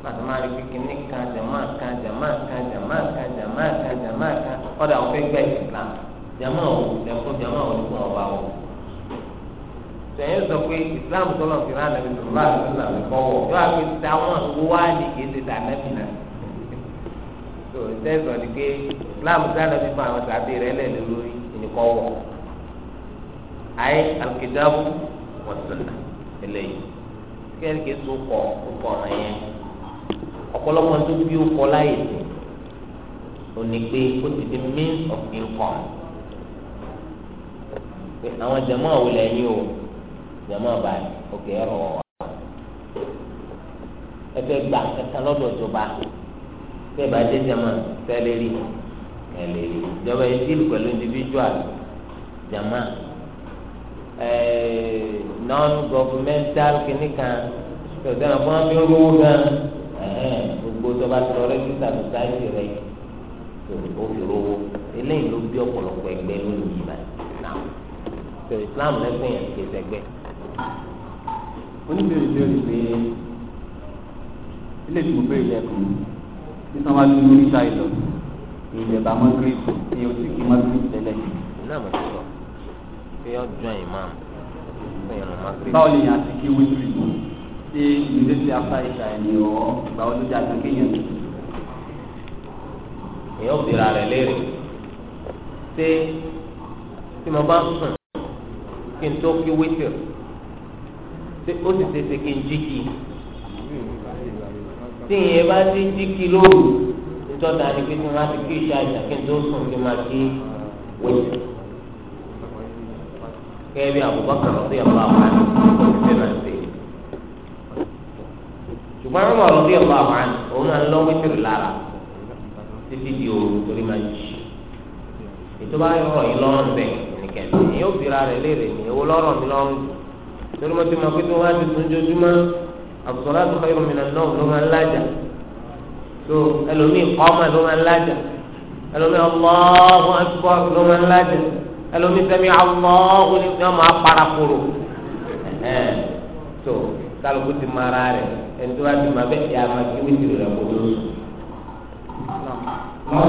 pàtó máa rí kíkíní kan jàmáà kan jàmáà kan jàmáà kan jàmáà kan jàmáà kan ọ̀dà òfẹ́ gbẹ́ ti la jama o ẹkún jama o nípa ọba o sẹyìn sọ pé islam tọ́lọ̀ fi rán ànábi sọ̀rọ̀ bá àti sọ̀rọ̀ àti kọ́wọ́ yóò àgbẹ̀ táwọn owó wá ní kí ẹsẹ̀ tà ànábi náà tó sẹ́yìn sọ ni pé islam tí ànábi fún àwọn sàbí rẹ̀ lẹ́nu lórí ìníkọ́wọ́ ayé alùkìdáwó wọ́n sọ̀rọ̀ eléyìí kẹ́ni kì í so kọ̀ kọ̀ ọ̀nà yẹn ọ̀pọ̀lọpọ̀ tó bí ó kọ láyè sí òní pé ó ti di means of income pé àwọn jẹmọ ò lẹ́yìn o jẹmọ báyìí òkè ẹrọ wà ẹ fẹ́ gbà kankan lọ́dọ̀ ìjọba bẹ́ẹ̀ bá dé jẹmọ tẹ́lẹ̀ rí tẹ́lẹ̀ rí ìjọba yìí dìlù pẹ̀lú individual jẹmọ non governmental kìnìkan tọ̀sán àpò àmì olówó gan gbogbo tó bá tọrọ rẹ́gísítà tó sáyé rẹ̀ tó o fi rówó eléyìí ló bí ọ̀pọ̀lọpọ̀ ẹgbẹ́ lónìí báyìí tó islam lẹ́sìn yẹn kì í sẹ́gbẹ́. oníbèrè bèrè pé ilé ìdìbò bèrè lẹ́kùn tí wọ́n bá ti ní oríṣà ìlọ ìjẹba mọ́gírìtì ní oṣù kí mọ́gírìtì tẹ́lẹ̀. iná mo ti sọ pé ó jọ ìmáàmù fún ìrùn mọ́gírìtì. báwo ni àti kí wíńdírì ṣe ìrètí afá ìṣà ẹni ọ̀ ìgbà ọdún jáde kéèyàn èèyàn ò bìrà rẹ̀ léèrè ṣé tí mo bá sùn kí n tó kí wítìr ṣé ó sì ṣe ṣe kí n jí kí tí ìyẹn bá ti jí kí lóru nítorí àti pé tí wọ́n ti kí ìṣe àjà kí n tó sùn kí n máa kí wítìr. gẹ́gẹ́ bí Abubakar rọ̀bí ọ̀la àwọn ọ̀sẹ̀ náà ṣe. ṣùgbọ́n ọmọ rọ̀bí ọ̀la àwọn òun náà lọ wítìrì lára títí di òru torí máa jì. ìjọba yọrọ yìí lọ́rùn bẹ́ẹ̀ kẹ̀míkẹ̀mí èyí ò fira rẹ̀ léèrè ní ewu lọ́rọ̀ mi lọ́rùn torí mo ti mọ pé tí wọ́n á ti tún jojúmọ́ àbùsọ̀lá tó kọ́ ìròmìnà náà ló máa ń lájà tó ẹlòmíì kọ́mà ló máa ń lájà ẹlòmíì ọlọ́ọ̀hún ẹ̀kọ́ ló máa ń lájà ẹlòmíì sẹ́mi ọlọ́ọ̀hún ni wọ́n máa para kúrò ẹ̀ẹ́n tó kálukú ti mọ ara rẹ̀ ẹni tó bá ti mọ abẹ́ ìyá máa kí wíjì rẹ̀ kó tó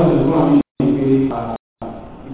sùn.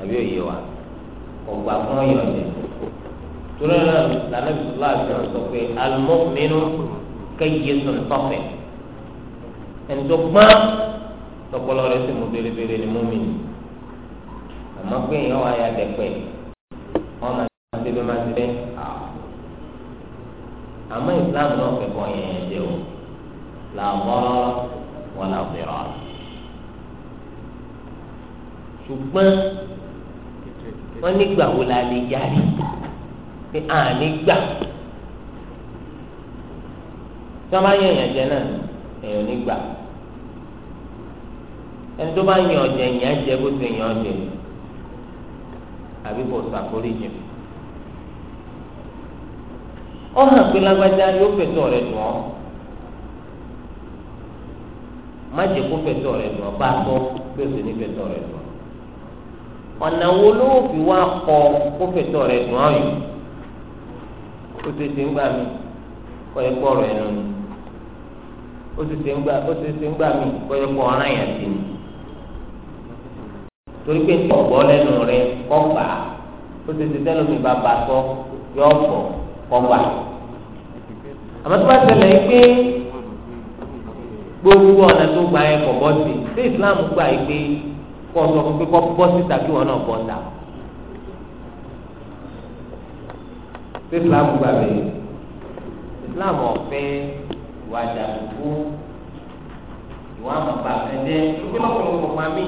àbí òye wa ọgbà fún ọyọ̀dẹ torí náà lànà bisimilá àbíyàn sọ pé alimọ́mìnú kẹ́yẹ sọ̀rọ̀ tọ́fẹ̀ ẹni tó gbọ́n tọpọlọ rẹ sì mú belebele ni mú mi ni àmọ́ pé èèyàn wà ya dẹ̀pẹ̀ wọ́n máa ti bẹ́ẹ̀ máa ti bẹ́ẹ̀ àmọ́ ìsìlámù náà kẹ́kọ̀ọ́ yẹn yẹn jẹ́ o làbọ́ wọn làbẹ̀rọ̀ ṣùgbọ́n wọ́n nígbà wo la lè yáre pé à nígbà tí wọ́n bá yàn yàn jẹ náà èèyàn nígbà ẹni tó bá yàn ọ̀jẹ̀ yàn jẹ bó ti yàn ọ̀jẹ̀ àbí kò sàkórí jẹ ó hàn pé lágbájá yóò fẹ̀tọ́ rẹ̀ dùn ọ́ má jẹ́ kó fẹ̀tọ́ rẹ̀ dùn ọ́ bá a tọ́ o sì ní fẹ̀tọ́ rẹ̀ dùn ọ́ ọ̀nà wo ló fi wá kọ kó fẹ̀tọ̀ rẹ̀ dùn ọ́ yìí ó ti ṣe ń gbà mí kọ́ ẹ gbọ́rọ̀ ẹnu ni ó ti ṣe ń gbà ó ti ṣe ń gbà mí kọ́ ẹ gbọ́ ọ̀ràn yẹn sí ni torí pé tí ọ̀gbọ́ lẹ́nu rẹ̀ kọ́ fà á ó ti ṣe tẹ́lómi bàbá sọ yọ ọ̀fọ̀ kọ́ fà á àmọ́ tó bá ṣẹlẹ̀ yìí pé gbogbo ọ̀nà tó gba ẹ̀ bọ́ sí ṣé ìsìláàmù gbà yìí pé kó sọ fún pé kó bọ́ síta kí wọn náà bọ́ ta ṣé islam gbà bẹ́ẹ̀ islam ọ̀fẹ́ ìwà àdàlùkù ìwà àmàbà ẹ̀dẹ́ ìgbélọ́pọ̀lọpọ̀ máa mí.